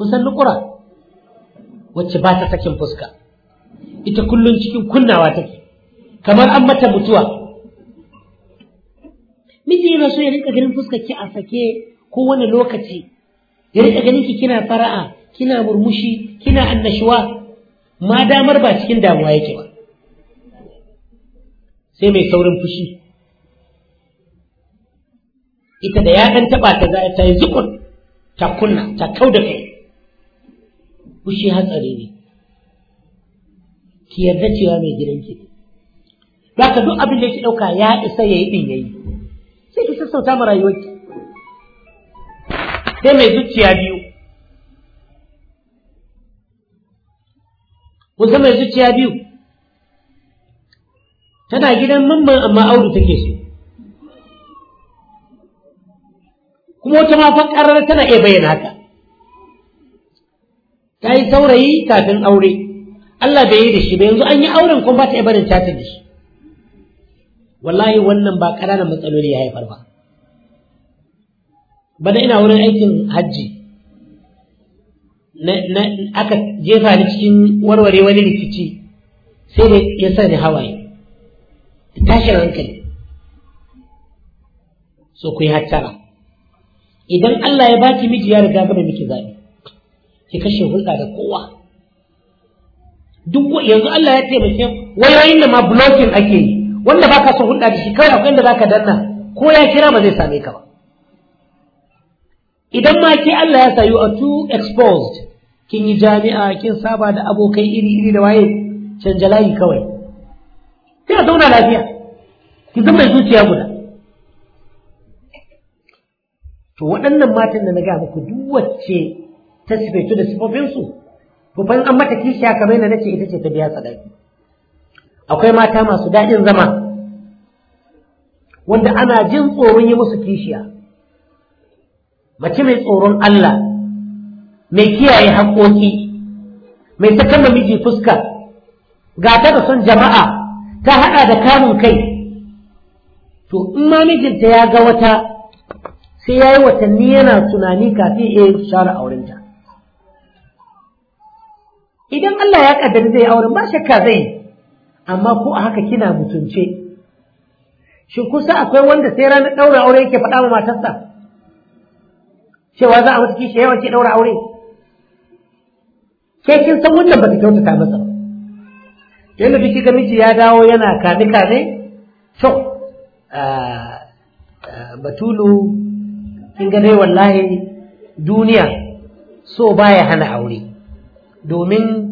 kusan nukura wacce ba ta sakin fuska ita kullum cikin kunnawa take kamar an mata mutuwa miji yana so ya rika ganin fuskar ki a sake ko wani lokaci ya rika ganin ki kina fara'a kina murmushi kina annashuwa ma damar ba cikin damuwa yake ba sai mai saurin fushi ita da ya ɗan taɓa ta za ta yi zukun ta kunna ta kau da kai fushi hatsari ne ki yarda cewa mai gidanki ki. ka duk abin da ki ɗauka ya isa ya yi ɗin ya sai ki sassauta ma rayuwarki sai mai zuciya biyu kusa mai zuciya biyu tana gidan mamman amma audu take so kuma wata mafan ƙarar tana iya bayyana haka ta yi saurayi kafin aure Allah bai yi da shi ba yanzu an yi auren kuma ba ta iya barin ta da shi wallahi wannan ba ƙananan matsaloli ya haifar ba bana ina wurin aikin hajji aka jefa ni cikin warware wani rikici sai da ya sa ni hawaye tashin hankali so ku yi hattara idan Allah ya baki miji ya riga gaba miki zaɓi ki kashe hulɗa da kowa duk yanzu Allah ya taimake wayoyin da ma blocking ake yi wanda baka son hulɗa da shi kawai akwai inda zaka danna ko ya kira ba zai same ka ba idan ma ke Allah ya sa you are too exposed kin yi jami'a kin saba da abokai iri iri da waye canja layi kawai sai zauna lafiya ki zama zuciya guda to waɗannan matan da na ga muku duk wacce ta sifaitu da sifofinsu to bayan an mata kishiya kamar yadda nace ita ce ta biya sadaki akwai mata masu daɗin zama wanda ana jin tsoron yi musu kishiya mace mai tsoron Allah mai kiyaye haƙoƙi mai sakan miji fuska ga ta da son jama'a ta haɗa da kamun kai to in ma mijinta ya ga wata sai ya yi watanni yana tunani kafin ya yi share aurenta idan Allah ya ƙaddari zai auren ba shakka zai yi amma ko a haka kina mutunce Shin kusa akwai wanda sai ranar ɗaura aure yake faɗa wa matarsa cewa za a wasu kishi yawan ce ɗaura aure ke kin san wannan ba ta kyautata masa yadda duk kika miji ya dawo yana kame kame to batulu kin ga dai wallahi duniya so baya hana aure domin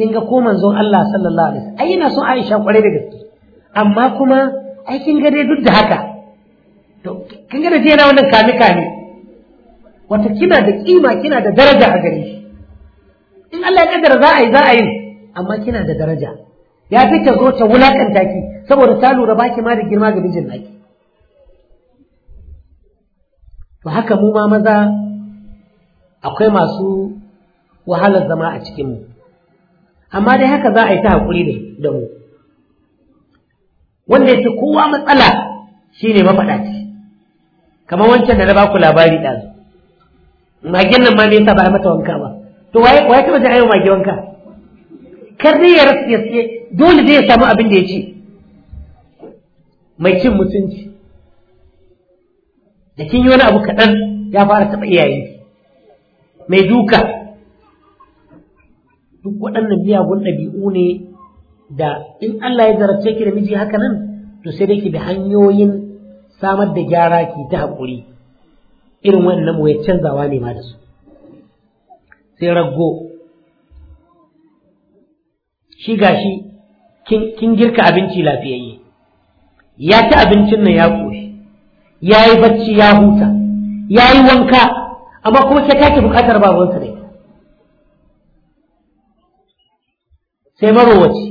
kin ga ko manzon Allah sallallahu alaihi wasallam ai yana son Aisha kwarai da gaske amma kuma ai kin ga dai duk da haka to kin ga da yana wannan kame kame wata kina da kima kina da daraja a gare shi in Allah ya kaddara za a yi za a yi amma kina da daraja ya fi ta zo ta wulakanta ki saboda ta lura baki ma da girma ga mijin naki to haka mu ma maza akwai masu wahalar zama a cikinmu amma dai haka za a yi ta haƙuri da mu wanda yake kowa matsala shine mafaɗaci kamar wancan da na baku labari ɗazu magen nan ma ne yasa ba mata wanka ba to waye waye taɓa jin ayo mage wanka kar dai ya rasu ya dole zai samu abin da ya ce mai cin mutunci da kin yi wani abu kaɗan ya fara taɓa iyaye. mai duka duk waɗannan miyagun ɗabi'u ne da in Allah ya zarabce ki da miji haka nan to sai dai ki bi hanyoyin samar da gyara ki ta haƙuri irin wannan ya canzawa ne ma da su sai raggo shi gashi kin girka abinci lafiyayye ya ci abincin nan ya ƙoshi ya yi bacci ya huta ya yi wanka amma kuma ke take buƙatar babansa ne sai marowaci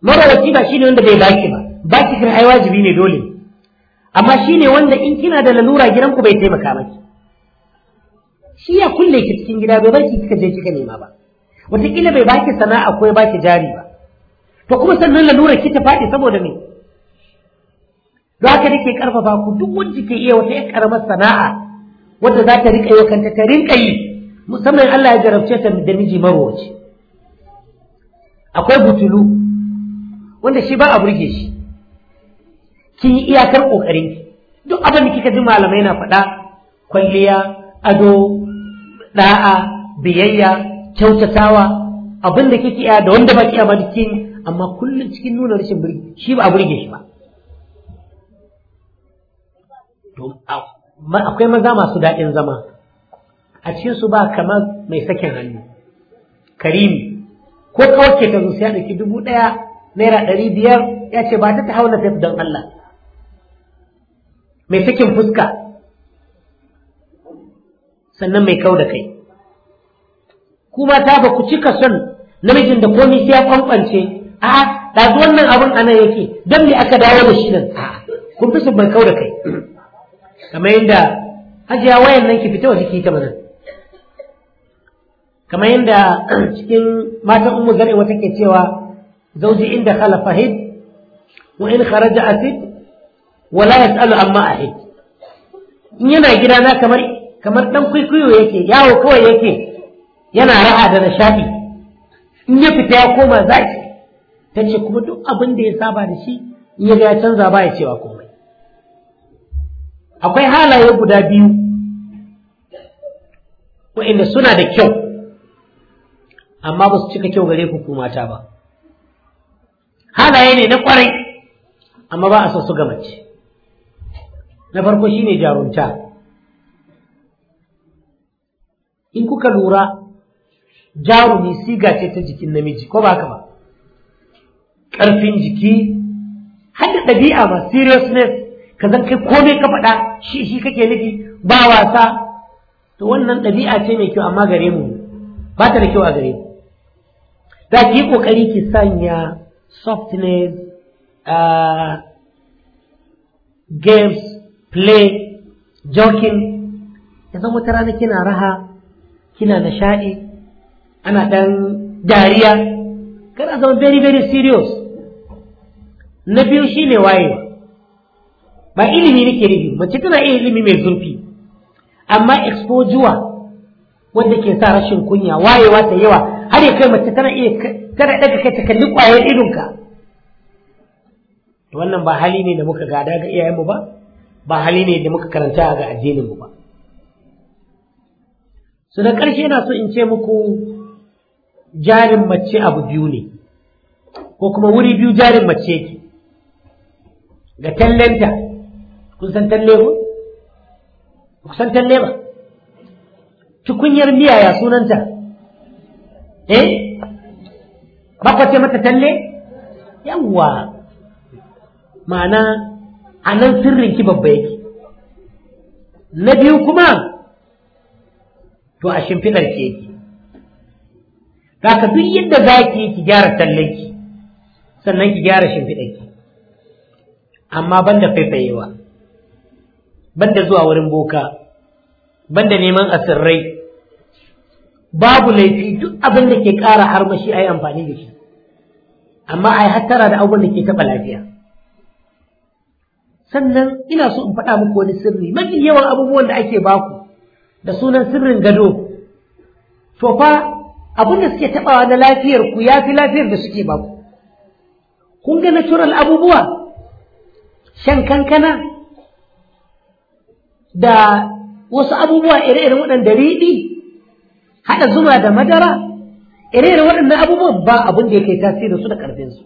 marowaci ba shine wanda bai baki ba baki kan ai wajibi ne dole amma shine wanda in kina da lalura gidanku bai taimaka maki shi ya kulle ki cikin gida bai baki kika je kika nema ba wataƙila bai baki sana'a ko ya baki jari ba to kuma sannan lalura ki ta faɗi saboda me don haka nake karfafa ku duk wanda ke iya wata ƴan karamar sana'a wadda za ta riƙa yau kanta ta riƙa yi musamman Allah ya jarabce ta da miji marowaci. akwai butulu wanda shi ba a burge shi kin yi iyakar kokarin duk abin da kika ji malamai na faɗa kwalliya ado ɗa'a, biyayya kyautatawa abin da kike iya da wanda ba ki ba cikin amma kullum cikin nuna rashin burge shi ba a burge shi ba akwai maza masu daɗin zama a cikin su ba kamar mai sakin hannu karimi ko kawace ta zuciya da ki dubu ɗaya naira ɗari biyar ya ce ba ta ta na fef don Allah mai sakin fuska sannan mai kau da kai kuma ta ba ku cika son namijin da komai sai ya kwankwance a da wannan abun anan yake don me aka dawo da shi nan kun fi su mai kau da kai kamar yadda hajiya wayan nan ki fita wa jiki ta mana kamar yadda cikin matan ummu zari wata ke cewa zauji inda khala fahid wa in kharaja asid wa la yasalu amma ahid in yana gida na kamar kamar dan kwaikwayo yake yawo kawai yake yana ra'a da nishadi in ya fita ya koma zaki ce kuma duk abin da ya saba da shi in ya ga ya canza ba ya cewa komai akwai halaye guda biyu wa'inda suna da kyau amma ba su cika kyau gare ku mata ba halaye ne na kwarai amma ba a so su ga mace na farko shine jarunta in kuka lura jarumi siga ce ta jikin namiji ko ba haka ba ƙarfin jiki har ɗabi'a ba seriousness ka zan kai komai ka faɗa shi shi kake nufi ba wasa to wannan ɗabi'a ce mai kyau amma gare mu ba ta da kyau a gare mu za ki yi ƙoƙari ki sanya softness uh, games play joking ya wata rana kina raha kina nishaɗi ana ɗan dariya kana zama very very serious na biyu ne wayewa ba ilimi nake nufi mace tana iya ilimi mai zurfi amma exposure wanda ke sa rashin kunya wayewa ta yawa har ya kai mace tana iya tana daga kai ta kalli ƙwayar idonka to wannan ba hali ne da muka gada ga iyayenmu ba ba hali ne da muka karanta ga addininmu ba su da ƙarshe na so in ce muku jarin mace abu biyu ne ko kuma wuri biyu jarin mace ke ga tallenta kun san talle ku ku san talle ba tukunyar miya ya sunanta eh bakwace mata talle yawwa ma'ana a nan sirrin ki babba yake na biyu kuma to a shimfiɗar ki yake ka duk yadda za ki yi ki gyara ki, sannan ki gyara ki. amma banda faifayewa banda zuwa wurin boka banda neman asirrai babu laifi duk abin da ke ƙara har harmashi a yi amfani da shi amma a yi hattara da abubuwan da ke taɓa lafiya sannan ina so in faɗa muku wani sirri mafi yawan abubuwan da ake baku da sunan sirrin gado to fa abin da suke taɓawa na lafiyar ku ya fi lafiyar da suke baku kun ga natural abubuwa shan kankana da wasu abubuwa ire-iren waɗanda riɗi haɗa zuma da madara irin waɗannan abubuwan ba abin da ya kai su da ƙarfin su.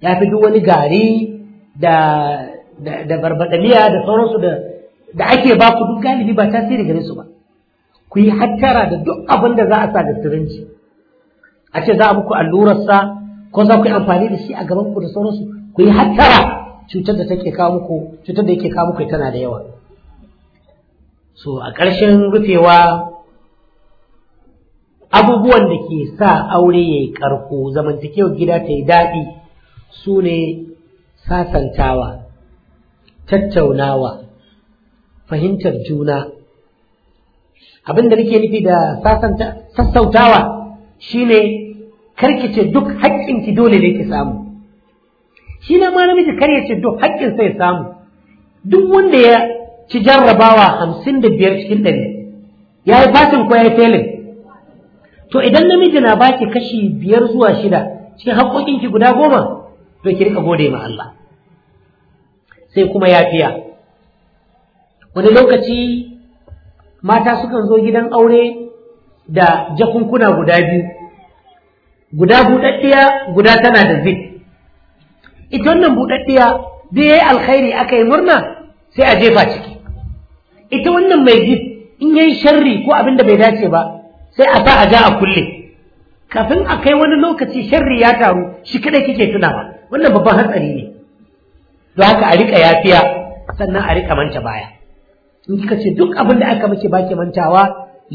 ya fi duk wani gari da da barbadaliya da sauransu da da ake ba ku duk galibi ba tasiri gare su ba ku yi hattara da duk abin da za a sa da sirinji a ce za a muku allurarsa ko za ku yi amfani da shi a gaban ku da sauransu ku yi hattara cutar da take kawo muku cutar da yake kawo muku tana da yawa so a ƙarshen rufewa abubuwan da ke sa aure ya yi ƙarko zamantakewar gida ta yi daɗi su ne sasantawa tattaunawa fahimtar juna abin da nake nufi da sassautawa shine karkice duk haƙƙinki dole ne ki samu shi na ma namiji karye ce duk haƙƙin sai samu duk wanda ya ci jarrabawa hamsin da biyar cikin ɗari ya yi fatin ko ya yi felin to idan namiji na baki kashi biyar zuwa shida cikin ki guda goma to ki rika gode ma Allah sai kuma yafiya wani lokaci mata sukan zo gidan aure da jakunkuna guda biyu guda buɗaɗɗiya guda tana da zid ita wannan buɗaɗɗiya duk yayi alkhairi aka yi murna sai a jefa ciki ita wannan mai zid in yayi sharri ko abin da bai dace ba sai a sa a ja a kulle kafin a kai wani lokaci sharri ya taru shi kadai kike tunawa wannan babban hatsari ne don haka a rika yafiya sannan a rika manta baya in kika ce duk abin da aka mace baki mantawa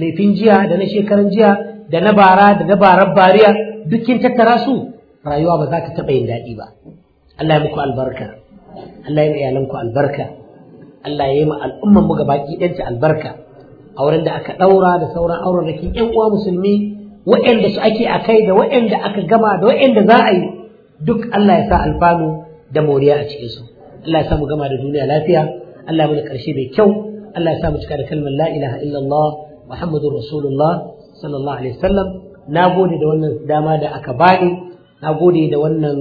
laifin jiya da na shekaran jiya da na bara da na barar bariya duk tattara su rayuwa ba za ta taɓa yin daɗi ba Allah ya muku albarka Allah ya yi iyalanku albarka Allah ya yi ma al'ummar mu gabaki ɗanta albarka auren da aka ɗaura da sauran auren da ke ‘yan uwa musulmi waɗanda su ake a kai da waɗanda aka gama da waɗanda za a yi duk Allah ya sa alfanu da moriya a cikinsu Allah ya sa mu gama da duniya lafiya Allah ya mana ƙarshe mai kyau Allah ya sa mu cika da kalmar la ilaha illallah muhammadur rasulullah sallallahu alaihi wasallam na gode da wannan dama da aka bani na gode da wannan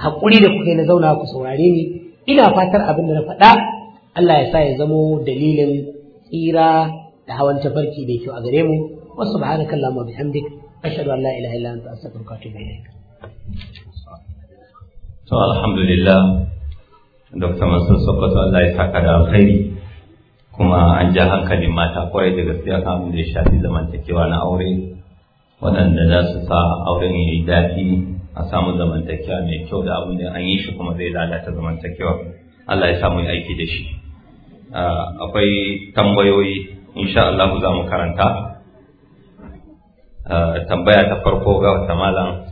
haƙuri da kuke na zauna ku saurare ni ina fatar abin da na faɗa Allah ya sa ya zamo dalilin tsira da hawan tafarki da kyau a gare mu wa subhanaka allahumma bihamdik ashhadu an la ilaha illa anta astaghfiruka wa atubu ilaik to alhamdulillah dr mansur sokoto allah ya saka da alkhairi kuma an ja hankalin mata kwarai da gaskiya kan abin da ya shafi zamantakewa na aure waɗanda za su sa auren ya yi daɗi a samu zamantakewa mai kyau da abin da an yi shi kuma zai lalata zamantakewa Allah ya samu aiki da shi Ah, akwai tambayoyi insha Allah za mu karanta ah, tambaya ta farko ga wata malam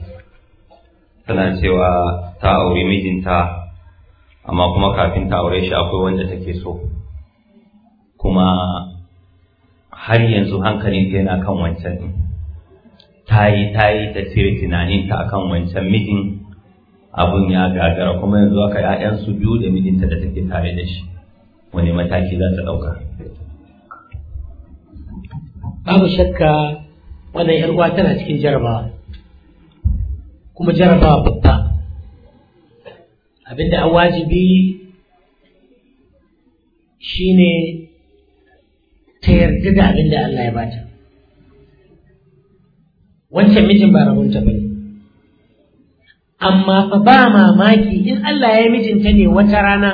tana cewa ta aure mijinta amma kuma kafin ta aure shi akwai wanda take so kuma har yanzu hankalin yana kan wancan ɗin ta yi ta yi ta cire tunaninta akan wancan mijin abun ya gagara kuma yanzu aka 'ya'yansu biyu da mijinta da take tare da shi wani mataki za ta ɗauka babu shakka wannan yar uwa tana cikin jarabawa kuma jarabawa babba abinda an wajibi shi ne ta yarda da abin da Allah ya bata wancan mijin ba rabunta ba ne amma fa ba mamaki in Allah ya mijinta ne wata rana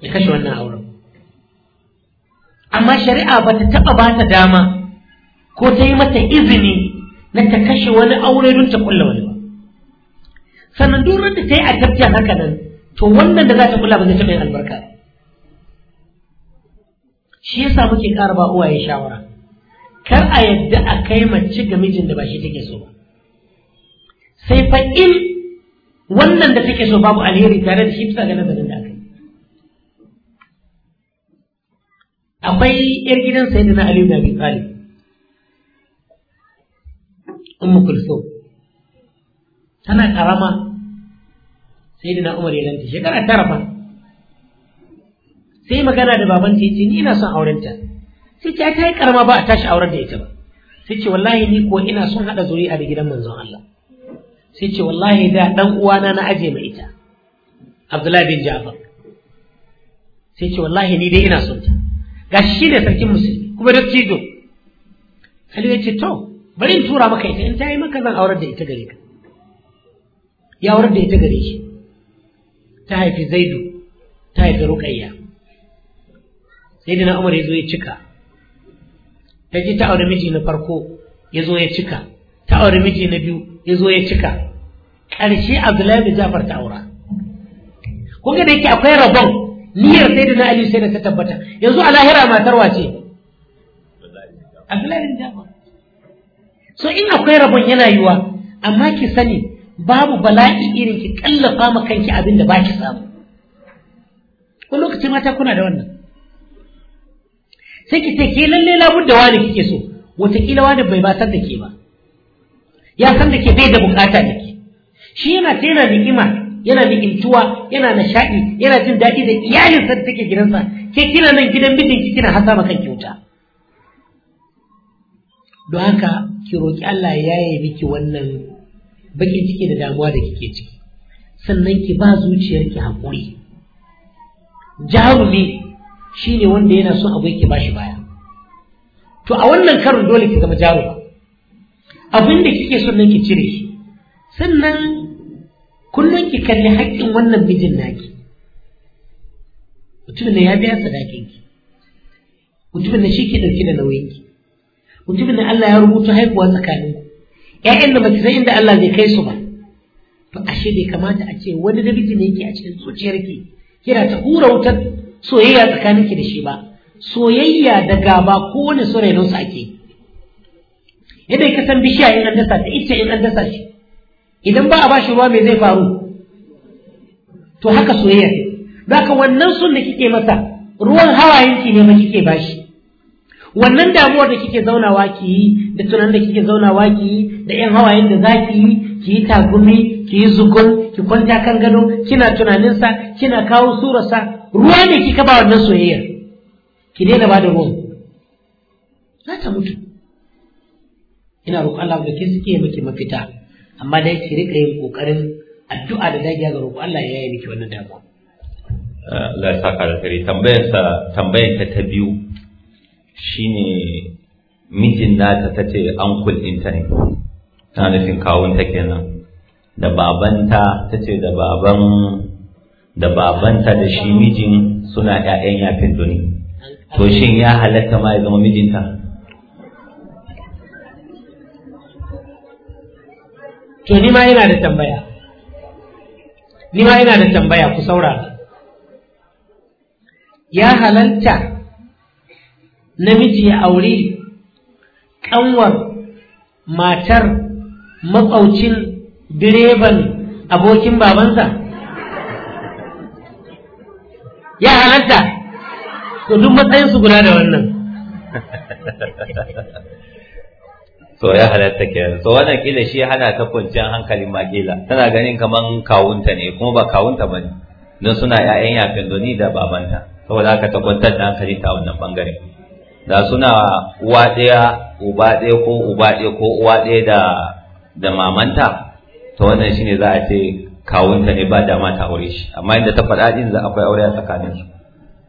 ya kashe wannan auren amma shari'a ba ta taɓa ba ta dama ko ta yi mata izini na ta kashe wani aure don ta kulla wani ba sannan duk da ta yi a tafiya haka nan to wannan da za ta kula ba zai taɓa yin albarka shi yasa muke ƙara ba uwa uwaye shawara kar a yadda a kai mace ga mijin da ba shi take so ba sai fa in wannan da take so babu alheri tare da shi bisa ga nazarin da aka akwai yar gidan na Ali bin Abi Talib Ummu Kulsum tana karama na Umar ya danta shekara tara ba. sai magana da baban ta yace ni ina son aurenta sai ta yi karama ba a tashi auren da ita ba sai ce wallahi ni ko ina son hada zuri'a da gidan manzon Allah sai ce wallahi da dan uwana na aje mai ita Abdullahi bin Ja'far sai ce wallahi ni dai ina son ta gashi shi ne sarkin musulmi kuma da cijo Aliyu ya ce to bari in tura maka ita in ta yi maka zan aurar da ita gare ka ya aurar da ita gare shi ta haifi zaidu ta haifi ruƙayya sai dina umar ya zo ya cika ta ji ta aure miji na farko ya zo ya cika ta aure miji na biyu ya zo ya cika ƙarshe abdullahi bin jafar ta aura kun ga da yake akwai rabon niyyar sai da na ali sai da ta tabbata yanzu a lahira matar wace abdullahi bin so in akwai rabon yana yiwa amma ki sani babu bala'i irin ki kallafa ma kanki abin da baki samu ko lokacin mata kuna da wannan sai ki ce ke lalle labun da wani kike so wataƙila wani bai ba san da ke ba ya san da ke bai da bukata da ke shi yana da ni'ima yana ni'imtuwa yana nishaɗi yana jin daɗi da iyalinsa da take gidansa ke kina nan gidan ki kina hasa maka kyauta. don haka ki roƙi Allah ya yaye miki wannan bakin ciki da damuwa da kike ciki sannan ki ba zuciyar ki haƙuri jarumi shine wanda yana so abu ki bashi baya to a wannan karin dole ki zama jaruma abin da kike son nan ki cire shi sannan kullum ki kalli haƙƙin wannan mijin naki mutumin da ya biya sadakin ki mutumin da shi ke ɗauki da nauyin ki mutumin da Allah ya rubuta haihuwa tsakanin ku ƴaƴan da baki san inda Allah zai kai su ba to ashe bai kamata a ce wani namiji ne yake a cikin zuciyarki kina ta hura wutar soyayya tsakanin ki da shi ba soyayya da gaba ko wani su ake yadda ka san bishiya in an dasa ta ita in an dasa shi idan ba a ba shi ruwa me zai faru to haka soyayya zaka wannan sun da kike masa ruwan hawayen ki ne ma kike bashi wannan damuwar da kike zaunawa ki yi da tunanin da kike zaunawa ki yi da yan hawayen da za ki yi ki yi tagumi ki yi zugun ki kwanta kan gado kina tunanin sa kina kawo surarsa ruwa ne kika ba wannan soyayyar ki daina ba da ruwan za ta mutu ina roƙon Allah da ke suke miki mafita amma dai ki rika yin kokarin addu'a da dagiya ga roƙo Allah ya yi miki wannan dama. Allah ya saka da kare tambayarsa tambayar ta ta biyu shine mijin nata ce uncle ɗinta ne tana nufin kawunta kenan da babanta ce da baban da babanta da shi mijin suna ƴaƴan yafin duni to shin ya halatta ma ya zama mijinta to ni ma yana da tambaya ni ma yana da tambaya ku saurara ya halalta namiji ya aure kanwar matar matsaucin direban abokin babansa ya halatta to duk matsayinsu guda da wannan to ya halatta yanzu. to wannan kila shi hana ta kwanciyar hankalin ma kila tana ganin kamar kawunta ne kuma ba kawunta ba ne don suna ‘ya'yan yafin doni da babanta saboda haka ta kwantar da hankali ta wannan bangare da suna uwa ɗaya uba ɗaya ko uba ɗaya ko uwa ɗaya da da mamanta to wannan shine za a ce kawunta ne ba dama ta aure shi amma inda ta faɗa din za akwai aure a tsakaninsu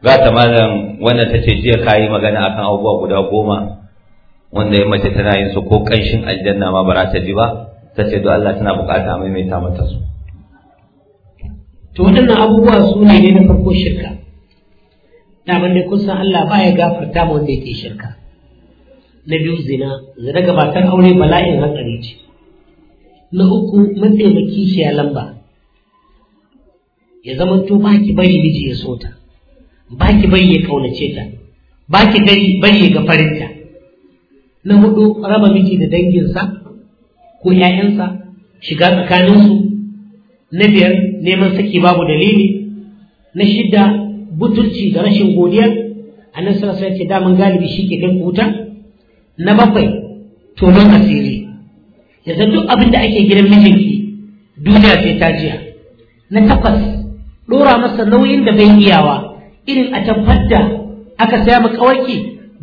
za ta malam wannan ta ce jiya kayi magana akan abubuwa guda goma wanda ya mace tana yin su ko ƙanshin aljanna ma ba ta ji ba ta ce don Allah tana bukata mai mai mata su to waɗannan abubuwa su ne ne na farko shirka daman da kusan Allah ba ya gafarta ma wanda yake shirka na biyu zina zina gabatar aure bala'in hatsari ce na uku mataimaki shi ya lamba ya zama to ba ki bari miji ya so ta ba ki bari ya kaunace ta ba ki bari ya ga farinta na hudu raba miji da danginsa ko ‘ya'yansa shiga tsakaninsu na biyar neman saki babu dalili na shida butulci da rashin godiya a nan sarasa ce daman galibi shi ke kai kuta na bakwai tonon asiri ya duk abin da ake gidan mijinki duniya sai ta jiya na takwas ɗora masa nauyin da bai iyawa irin a tabbatar da aka saya maka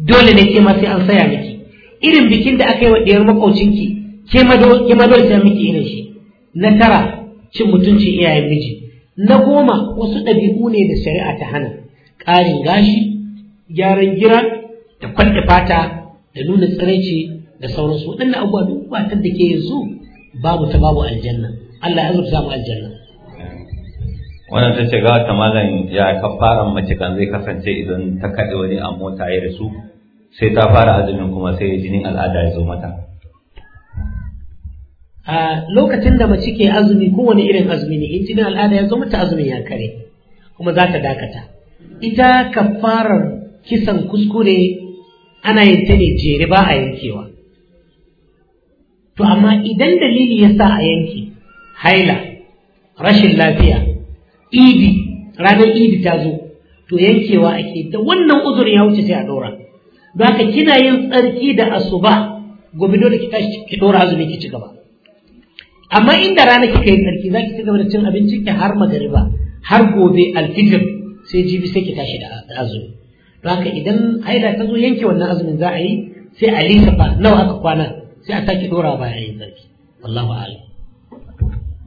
dole ne ke ma sai an saya miki irin bikin da aka yi wa ɗiyar makocinki ke madalta miki irin shi na tara cin mutuncin iyayen miji na goma wasu ɗabi'u ne da shari'a ta hana ƙarin gashi gyaran gira da kwalɗa fata da nuna tsiraici da sauransu waɗannan abubuwa duk batar da ke yanzu babu ta babu aljanna Allah ya azurta mu aljanna wannan ta ce ga ta malam ya kafaran mace kan zai kasance idan ta kaɗe wani a mota ya rasu sai ta fara azumin kuma sai jinin al'ada ya zo mata a lokacin da mace ke azumi kowane irin azumi ne in jinin al'ada ya zo mata azumin ya kare kuma za ta dakata ita kafarar kisan kuskure ana yin ta ne jere ba a yankewa to amma idan dalili ya sa a yanki haila rashin lafiya idi ranar idi ta zo to yankewa ake da wannan uzurin ya wuce sai a ɗora zaka kina yin tsarki da asuba gobe dole ki tashi ki dora azumi ki ci gaba amma inda rana kika yi tsarki zaki ci gaba da cin abinci ki har magariba har gobe alfijir sai jibi sai ki tashi da azumi don haka idan haila ta zo yanke wannan azumin za a yi sai a lissafa nawa aka kwana sai a saki dora baya yin tsarki wallahu a'lam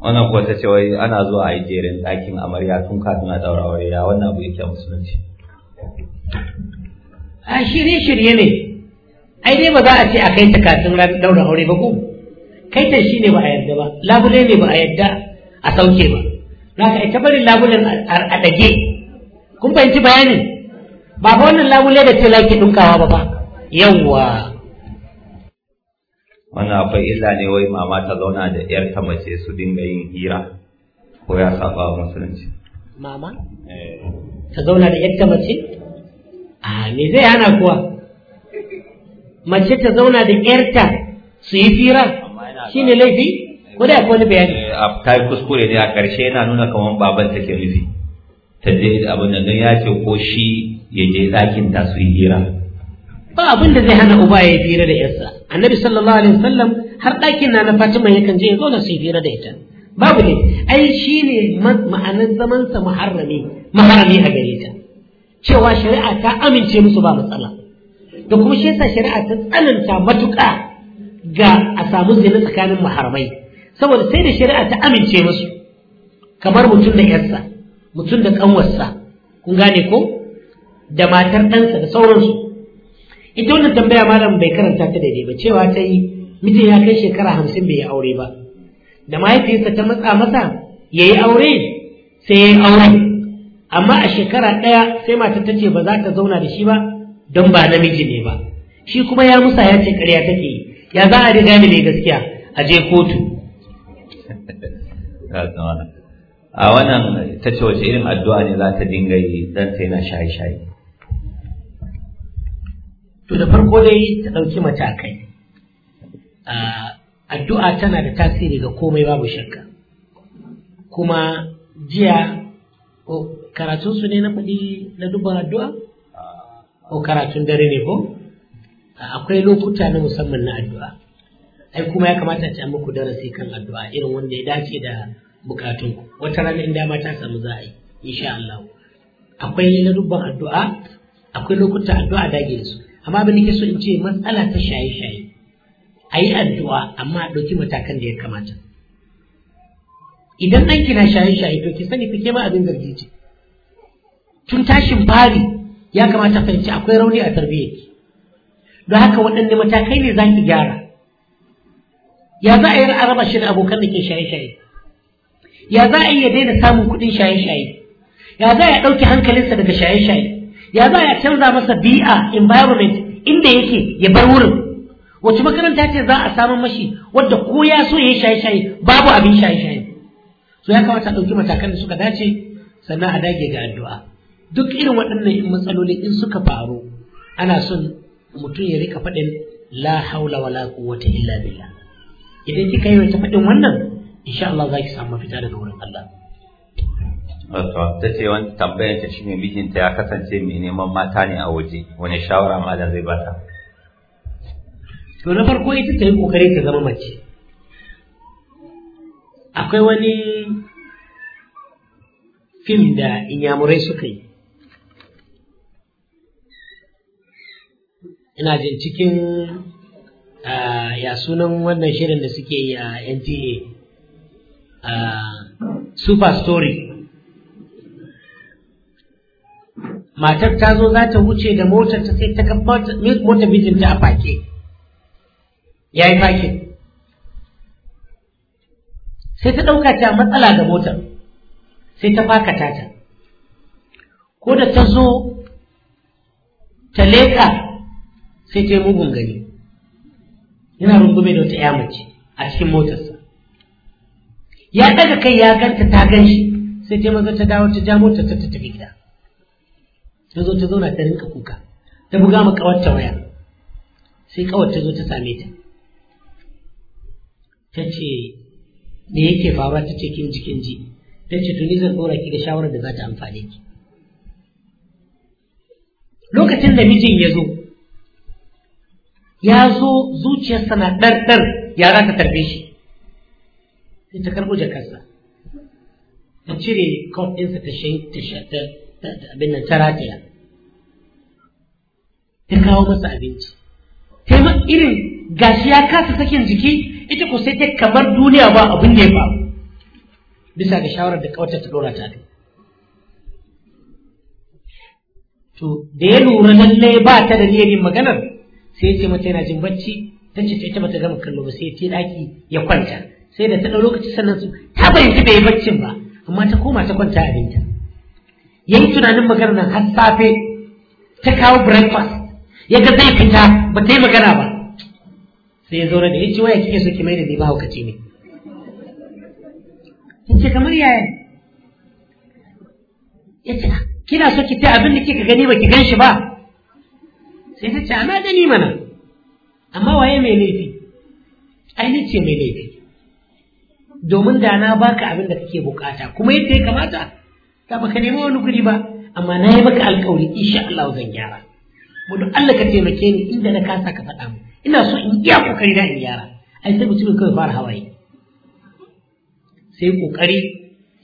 wannan kuwa ta ce wai ana zuwa a yi jerin ɗakin amarya tun kafin a daura aure ya wannan abu yake a musulunci a shirye shirye ne ai dai ba za a ce a kai ta kafin daura aure ba ko kai ta shi ne ba a yarda ba labule ne ba a yarda a sauke ba za ka ita bari labulen a ɗage, kun fahimci bayanin ba ba wannan labule da ce laki dunkawa ba ba yawwa wannan akwai illa ne wai mama ta zauna da yar ta mace su dinga yin hira ko ya saba musulunci mama eh. ta zauna da yar ta mace a ah, me zai hana kuwa mace ta zauna da yarta su yi fira shine laifi ko da akwai bayani eh, ta yi kuskure ne a ƙarshe yana nuna kamar baban ke nufi ta je abin da, nan ya ce ko shi ya je ɗakin ta su yi hira ba abin da zai hana uba ya fira da yarsa annabi sallallahu alaihi wasallam har ɗakin na na fatima yakan je ya zo da su fira da ita babu ne ai ne ma'anar zamansa sa muharrami muharrami a gare ta cewa shari'a ta amince musu ba matsala da kuma shi yasa shari'a ta tsananta matuƙa ga a samu zina tsakanin maharamai saboda sai da shari'a ta amince musu kamar mutum da yarsa mutum da ƙanwarsa kun gane ko da matar ɗansa da sauransu ita wannan tambaya malam bai karanta ta daidai ba cewa ta yi mijin ya kai shekara hamsin bai yi aure ba da mahaifiyarsa ta matsa masa ya yi aure sai ya yi aure amma a shekara ɗaya sai matar ta ce ba za ta zauna da shi ba don ba namiji ne ba shi kuma ya musa ya ce ƙarya take yi ya za a riga ne gaskiya a je kotu a wannan ta ce wace irin addu'a ne za ta dinga yi don ta yana shaye-shaye to da farko dai ta ɗauki matakai addu'a tana da tasiri ga komai babu shakka kuma jiya karatun su ne na faɗi na dubban addu'a ko karatun dare ne ko akwai lokuta na musamman na addu'a ai kuma ya kamata a ci muku darasi kan addu'a irin wanda ya dace da bukatun ku wata rana in dama ta samu za a yi insha Allah akwai na dubban addu'a akwai lokuta addu'a dage su amma abin nake so in ce matsala ta shaye-shaye a yi addu'a amma a ɗauki matakan da ya kamata idan an na shaye-shaye to ki sani fi ke ma abin zargi ce tun tashin fari ya kamata fahimci akwai rauni a tarbiyyar. don haka waɗanne matakai ne za ki gyara ya za a yi araba shi da abokan da ke shaye-shaye ya za a iya daina samun kuɗin shaye-shaye ya za a ɗauki hankalinsa daga shaye-shaye ya za a canza masa bi'a environment inda yake ya bar wurin wace makaranta ce za a samun mashi wadda ko ya so ya yi shaye-shaye babu abin shaye-shaye so ya kamata a ɗauki matakan da suka dace sannan a dage ga addu'a duk irin waɗannan matsaloli in suka faru ana son mutum ya rika faɗin la haula wa la quwwata illa billah idan kika yi wata faɗin wannan insha Allah za ki samu fita daga wurin Allah ta ce wani tambayar ta shine mijinta ya kasance mai neman mata ne a waje wani shawara malam zai bata to na farko ita ta yi kokari ta zama mace akwai wani fim da inyamurai suka yi ina jin cikin ya sunan wannan shirin da suke yi a nta super story matar ta zo za ta wuce da motar ta sai ta kafa motar mijinta a fake ya yi fake sai ta ɗauka ta matsala da motar sai ta fakata ta ko da ta zo ta leka. sai ta mugun gani yana rungume da wata ya mace a cikin motarsa ya daga kai ya ganta ta gan shi sai ta maza ta dawo ta ja motar ta tafi gida ta zo ta zauna ta rinka kuka ta buga ma kawarta waya sai kawar ta zo ta same ta ta ce me yake faruwa ta ce kin jikin ji ta ce tuni zan ɗora ki da shawarar da za ta amfane ki lokacin da mijin ya zo ya zo zuciyar na ɗarɗar ya za ta tarbe shi sai ta karɓo jakarsa ta cire kof ɗinsa ta abin nan ta rataya ta kawo masa abinci ta yi irin gashi ya kasa sakin jiki ita ko sai ta kamar duniya ba abin da ya ba bisa ga shawarar da kawata ta ɗora ta to da ya lura lallai ba ta da niyyar maganar sai ce mata yana jin bacci ta ce ita bata gama kallo ba sai ce daki ya kwanta sai da ta dau lokaci sannan su ta fahimci bai yi baccin ba amma ta koma ta kwanta a binta yayi tunanin maganar nan har safe ta kawo breakfast ya ga zai fita ba ta yi magana ba sai ya zauna da ya ce waya kike so ki mai da ni ba hukaci ne in ce kamar yaya ya ce ah, kina so ki ta abin da kika gani ba ki gan shi ba sai ta ce na gani mana amma waye mai laifi ai ce mai laifi domin da na baka abin da kake bukata kuma yadda ya kamata ta baka nemi wani guri ba amma na yi maka alkawari insha Allah zan gyara mu Allah ka taimake ni inda na kasa ka faɗa mu ina so in iya kokari da in gyara ai sai mutum kawai fara hawaye sai kokari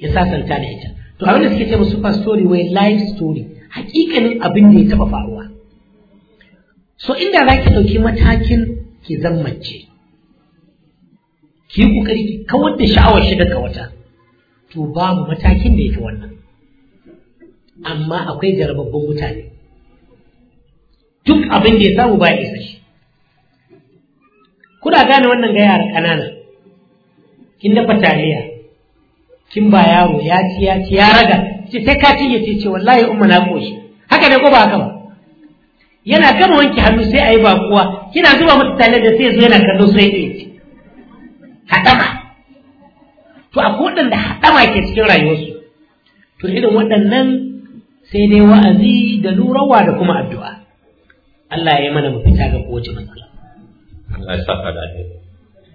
ya sasanta da ita to abin da suke ce musu story wai life story hakikanin abin da ya taba faruwa so inda za ki ɗauki matakin ki zammace ki yi ƙoƙari ki kawar da sha'awar shi daga wata to ba mu matakin da yake wannan amma akwai jarababban mutane duk abin da ya samu ba ya isa shi kuna gane wannan ga yara ƙanana kin dafa taliya kin ba yaro ya ci ya ci ya raga ce sai ka ci ya ce wallahi umma na koshi haka ne ko ba haka ba yana gama wanke hannu sai a yi bakuwa kina zuba mata tare da sai zo yana kallo sai ya ce haɗama to a waɗanda haɗama ke cikin rayuwarsu to irin waɗannan sai dai wa'azi da lurawa da kuma addu'a Allah ya yi mana mafita ga kowace matsala Allah ya saka da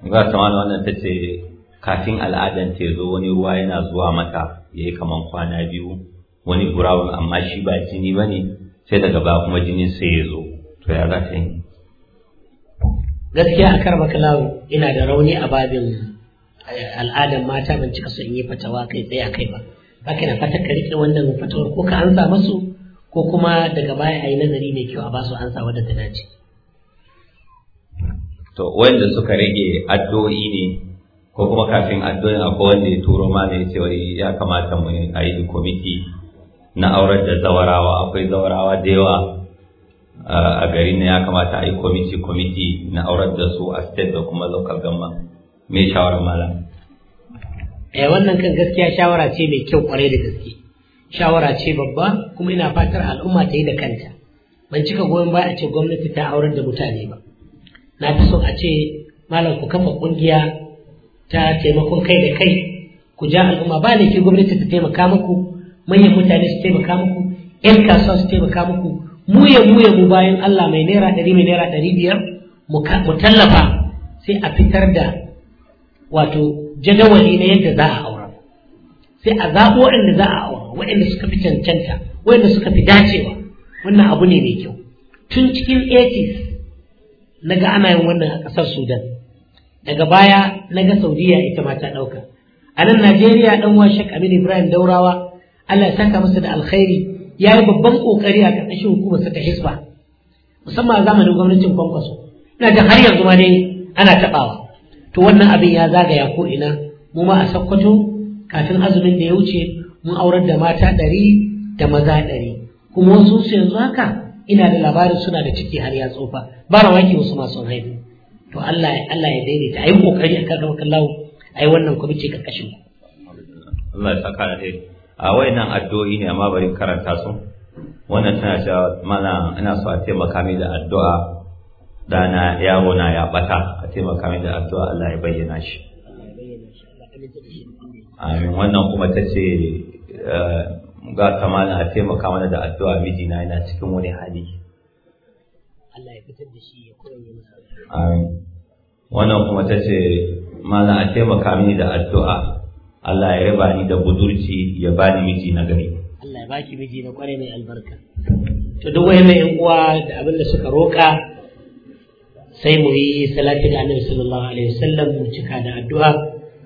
ga wannan ta ce kafin al'adan ta zo wani ruwa yana zuwa mata ya yi kaman kwana biyu wani gurawun amma shi ba jini ba sai daga ba kuma jinin sai ya zo to ya za ta yi gaskiya a karba kalawo ina da rauni a babin al'adar mata ban cika son yi fatawa kai tsaye a kai ba haka na fata ka rike wannan fatawar ko ka ansa masu ko kuma daga baya a yi nazari mai kyau a ba su ansa wadda ta dace to wanda suka rage addu'o'i ne ko kuma kafin addu'o'in akwai wanda ya turo mana ya ce wai ya kamata mu a yi kwamiti na aurar da zawarawa akwai zawarawa da yawa a garin na ya kamata a yi kwamiti kwamiti na aurar da su a state da kuma local government mai shawarar malam eh wannan kan gaskiya shawara ce mai kyau kwarai da gaske shawara ce babba kuma ina fatar al'umma ta yi da kanta ban cika goyon ba a ce gwamnati ta aurar da mutane ba na fi so a ce malam ku kafa kungiya ta taimakon kai da kai ku ja al'umma ba ne ke gwamnati ta taimaka muku manyan mutane su taimaka muku yan kasuwa su taimaka muku mu ya mu ya bayan Allah mai naira ɗari mai naira ɗari biyar mu tallafa sai a fitar da wato jadawali na yadda za a aura sai a zaɓo waɗanda za a aura waɗanda suka fi cancanta waɗanda suka fi dacewa wannan abu ne mai kyau tun cikin 80s na ga ana yin wannan a ƙasar sudan daga baya na ga saudiya ita ma ta ɗauka a nan najeriya ɗan washe kamil ibrahim daurawa Allah ya saka masa da alkhairi ya yi babban kokari a ƙarƙashin hukumar ta hisba musamman a zamanin gwamnatin kwankwaso ina da har yanzu ma dai ana taɓawa to wannan abin ya zagaya ko ina mu ma a sakkwato kafin azumin da ya wuce mun aurar da mata ɗari da maza ɗari kuma wasu su yanzu haka ina da labarin suna da ciki har ya tsofa ba mamaki wasu masu haihu to Allah Allah ya daidaita ayi kokari akan kan lawo ayi wannan kwamiti karkashin Allah ya saka a wayannan addu'o'i ne amma bari karanta su wannan tana cewa mana ina so a taimaka min da addu'a na yaro na ya bata a taimaka min da addu'a Allah ya bayyana shi amin wannan kuma ta ce eh, ga kamala a taimaka mana da addu'a mijina yana cikin wani hali Allah ya fitar da shi ya koyi masa amin wannan kuma ta ce mana a taimaka mini da addu'a Allah ya raba ni da budurci ya bani miji na gari Allah ya baki miji na kware mai albarka to duk wani yan uwa da abin da suka roka sai mu yi salati ga Annabi sallallahu alaihi wasallam mu cika da addu'a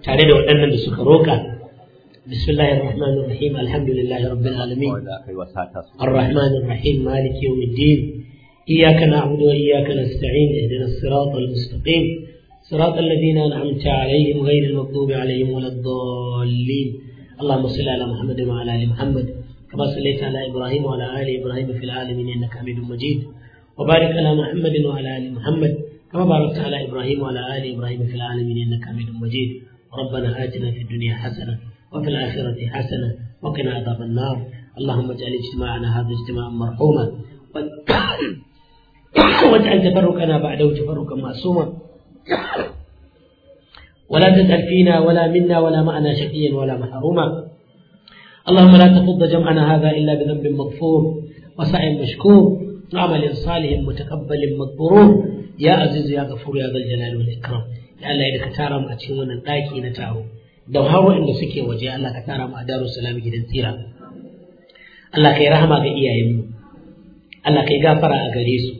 tare da waɗannan da suka roka بسم الله الرحمن الرحيم الحمد لله رب العالمين الرحمن الرحيم مالك يوم الدين إياك نعبد صراط الذين أنعمت عليهم غير المغضوب عليهم ولا الضالين اللهم صل على محمد وعلى آل محمد كما صليت على إبراهيم وعلى آل إبراهيم في العالمين إنك حميد مجيد وبارك على محمد وعلى آل محمد كما باركت على إبراهيم وعلى آل إبراهيم في العالمين إنك حميد مجيد ربنا آتنا في الدنيا حسنة وفي الآخرة حسنة وقنا عذاب النار اللهم اجعل اجتماعنا هذا اجتماعا مرحوما واجعل تبركنا بعده تبركا معصوما ولا تسأل فينا ولا منا ولا معنا شقيا ولا محروما اللهم لا تفض جمعنا هذا إلا بذنب مغفور وسعي مشكور وعمل صالح متقبل مقبور يا عزيز يا غفور يا ذا الجلال والإكرام يا الله إذا كتارم أتيونا الداكي نتاهو دو هاو إن سكي وجه الله كتارم أدار السلام جدا سيرا الله كي رحمة إياه يمو الله كي غافر أغريسو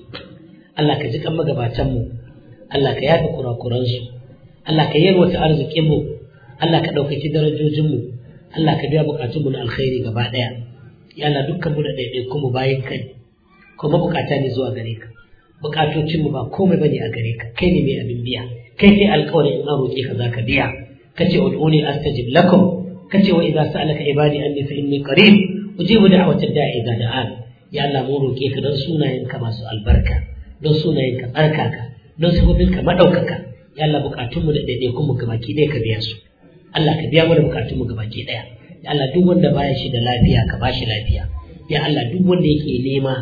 الله كي جكم مغباتمو Allah ka yafe kurakuransu Allah ka yalwata arzikinmu Allah ka ɗaukaki darajojinmu Allah ka biya bukatunmu na alkhairi gaba ɗaya ya Allah dukkan mu da ɗaiɗaikun mu bayan ka ne kuma bukata ne zuwa gare ka mu ba komai bane a gare ka kai ne mai abin biya kai kai alƙawarin in an roƙe ka za ka biya kace ud'uni astajib lakum kace wa idza sa'alaka ibadi anni fa inni qarib ujibu da'watad da'i idza da'an ya Allah mu roƙe ka don ka masu albarka don barka ka. don ka maɗaukaka ya Allah mu da ga baki ɗaya ka biya su Allah ka biya mana ga baki ɗaya ya Allah duk wanda baya shi da lafiya ka ba shi lafiya ya Allah duk wanda yake nema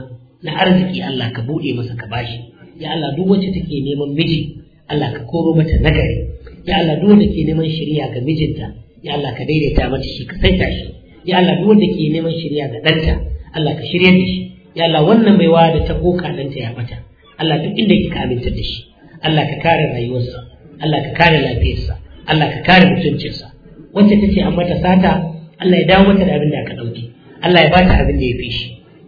na arziki Allah ka bude masa ka bashi ya Allah duk wacce take neman miji Allah ka koro mata nagari ya Allah duk wanda ke neman shirya ga mijinta ya Allah ka daidaita mata shi ka saita shi ya Allah duk wanda ke neman shirya ga ɗanta Allah ka shirya da shi ya Allah wannan mai da ta koka danta ya bata Allah duk inda kika aminta da shi Allah ka kare rayuwarsa Allah ka kare lafiyarsa Allah ka kare mutuncinsa wacce ta ce an mata sata Allah ya dawo mata da abin da aka ɗauke Allah ya bata abin da ya fi shi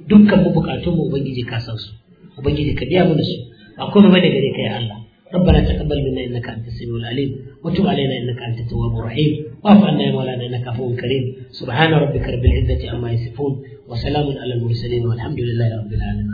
dukkan mu bukatun mu ubangiji ka san su ubangiji ka biya mana su ba komai bane gare ka ya Allah ربنا تقبل منا انك انت السميع العليم وتب علينا انك انت التواب الرحيم واعف عنا يا مولانا انك عفو كريم سبحان ربك رب العزه عما يصفون وسلام على المرسلين والحمد لله رب العالمين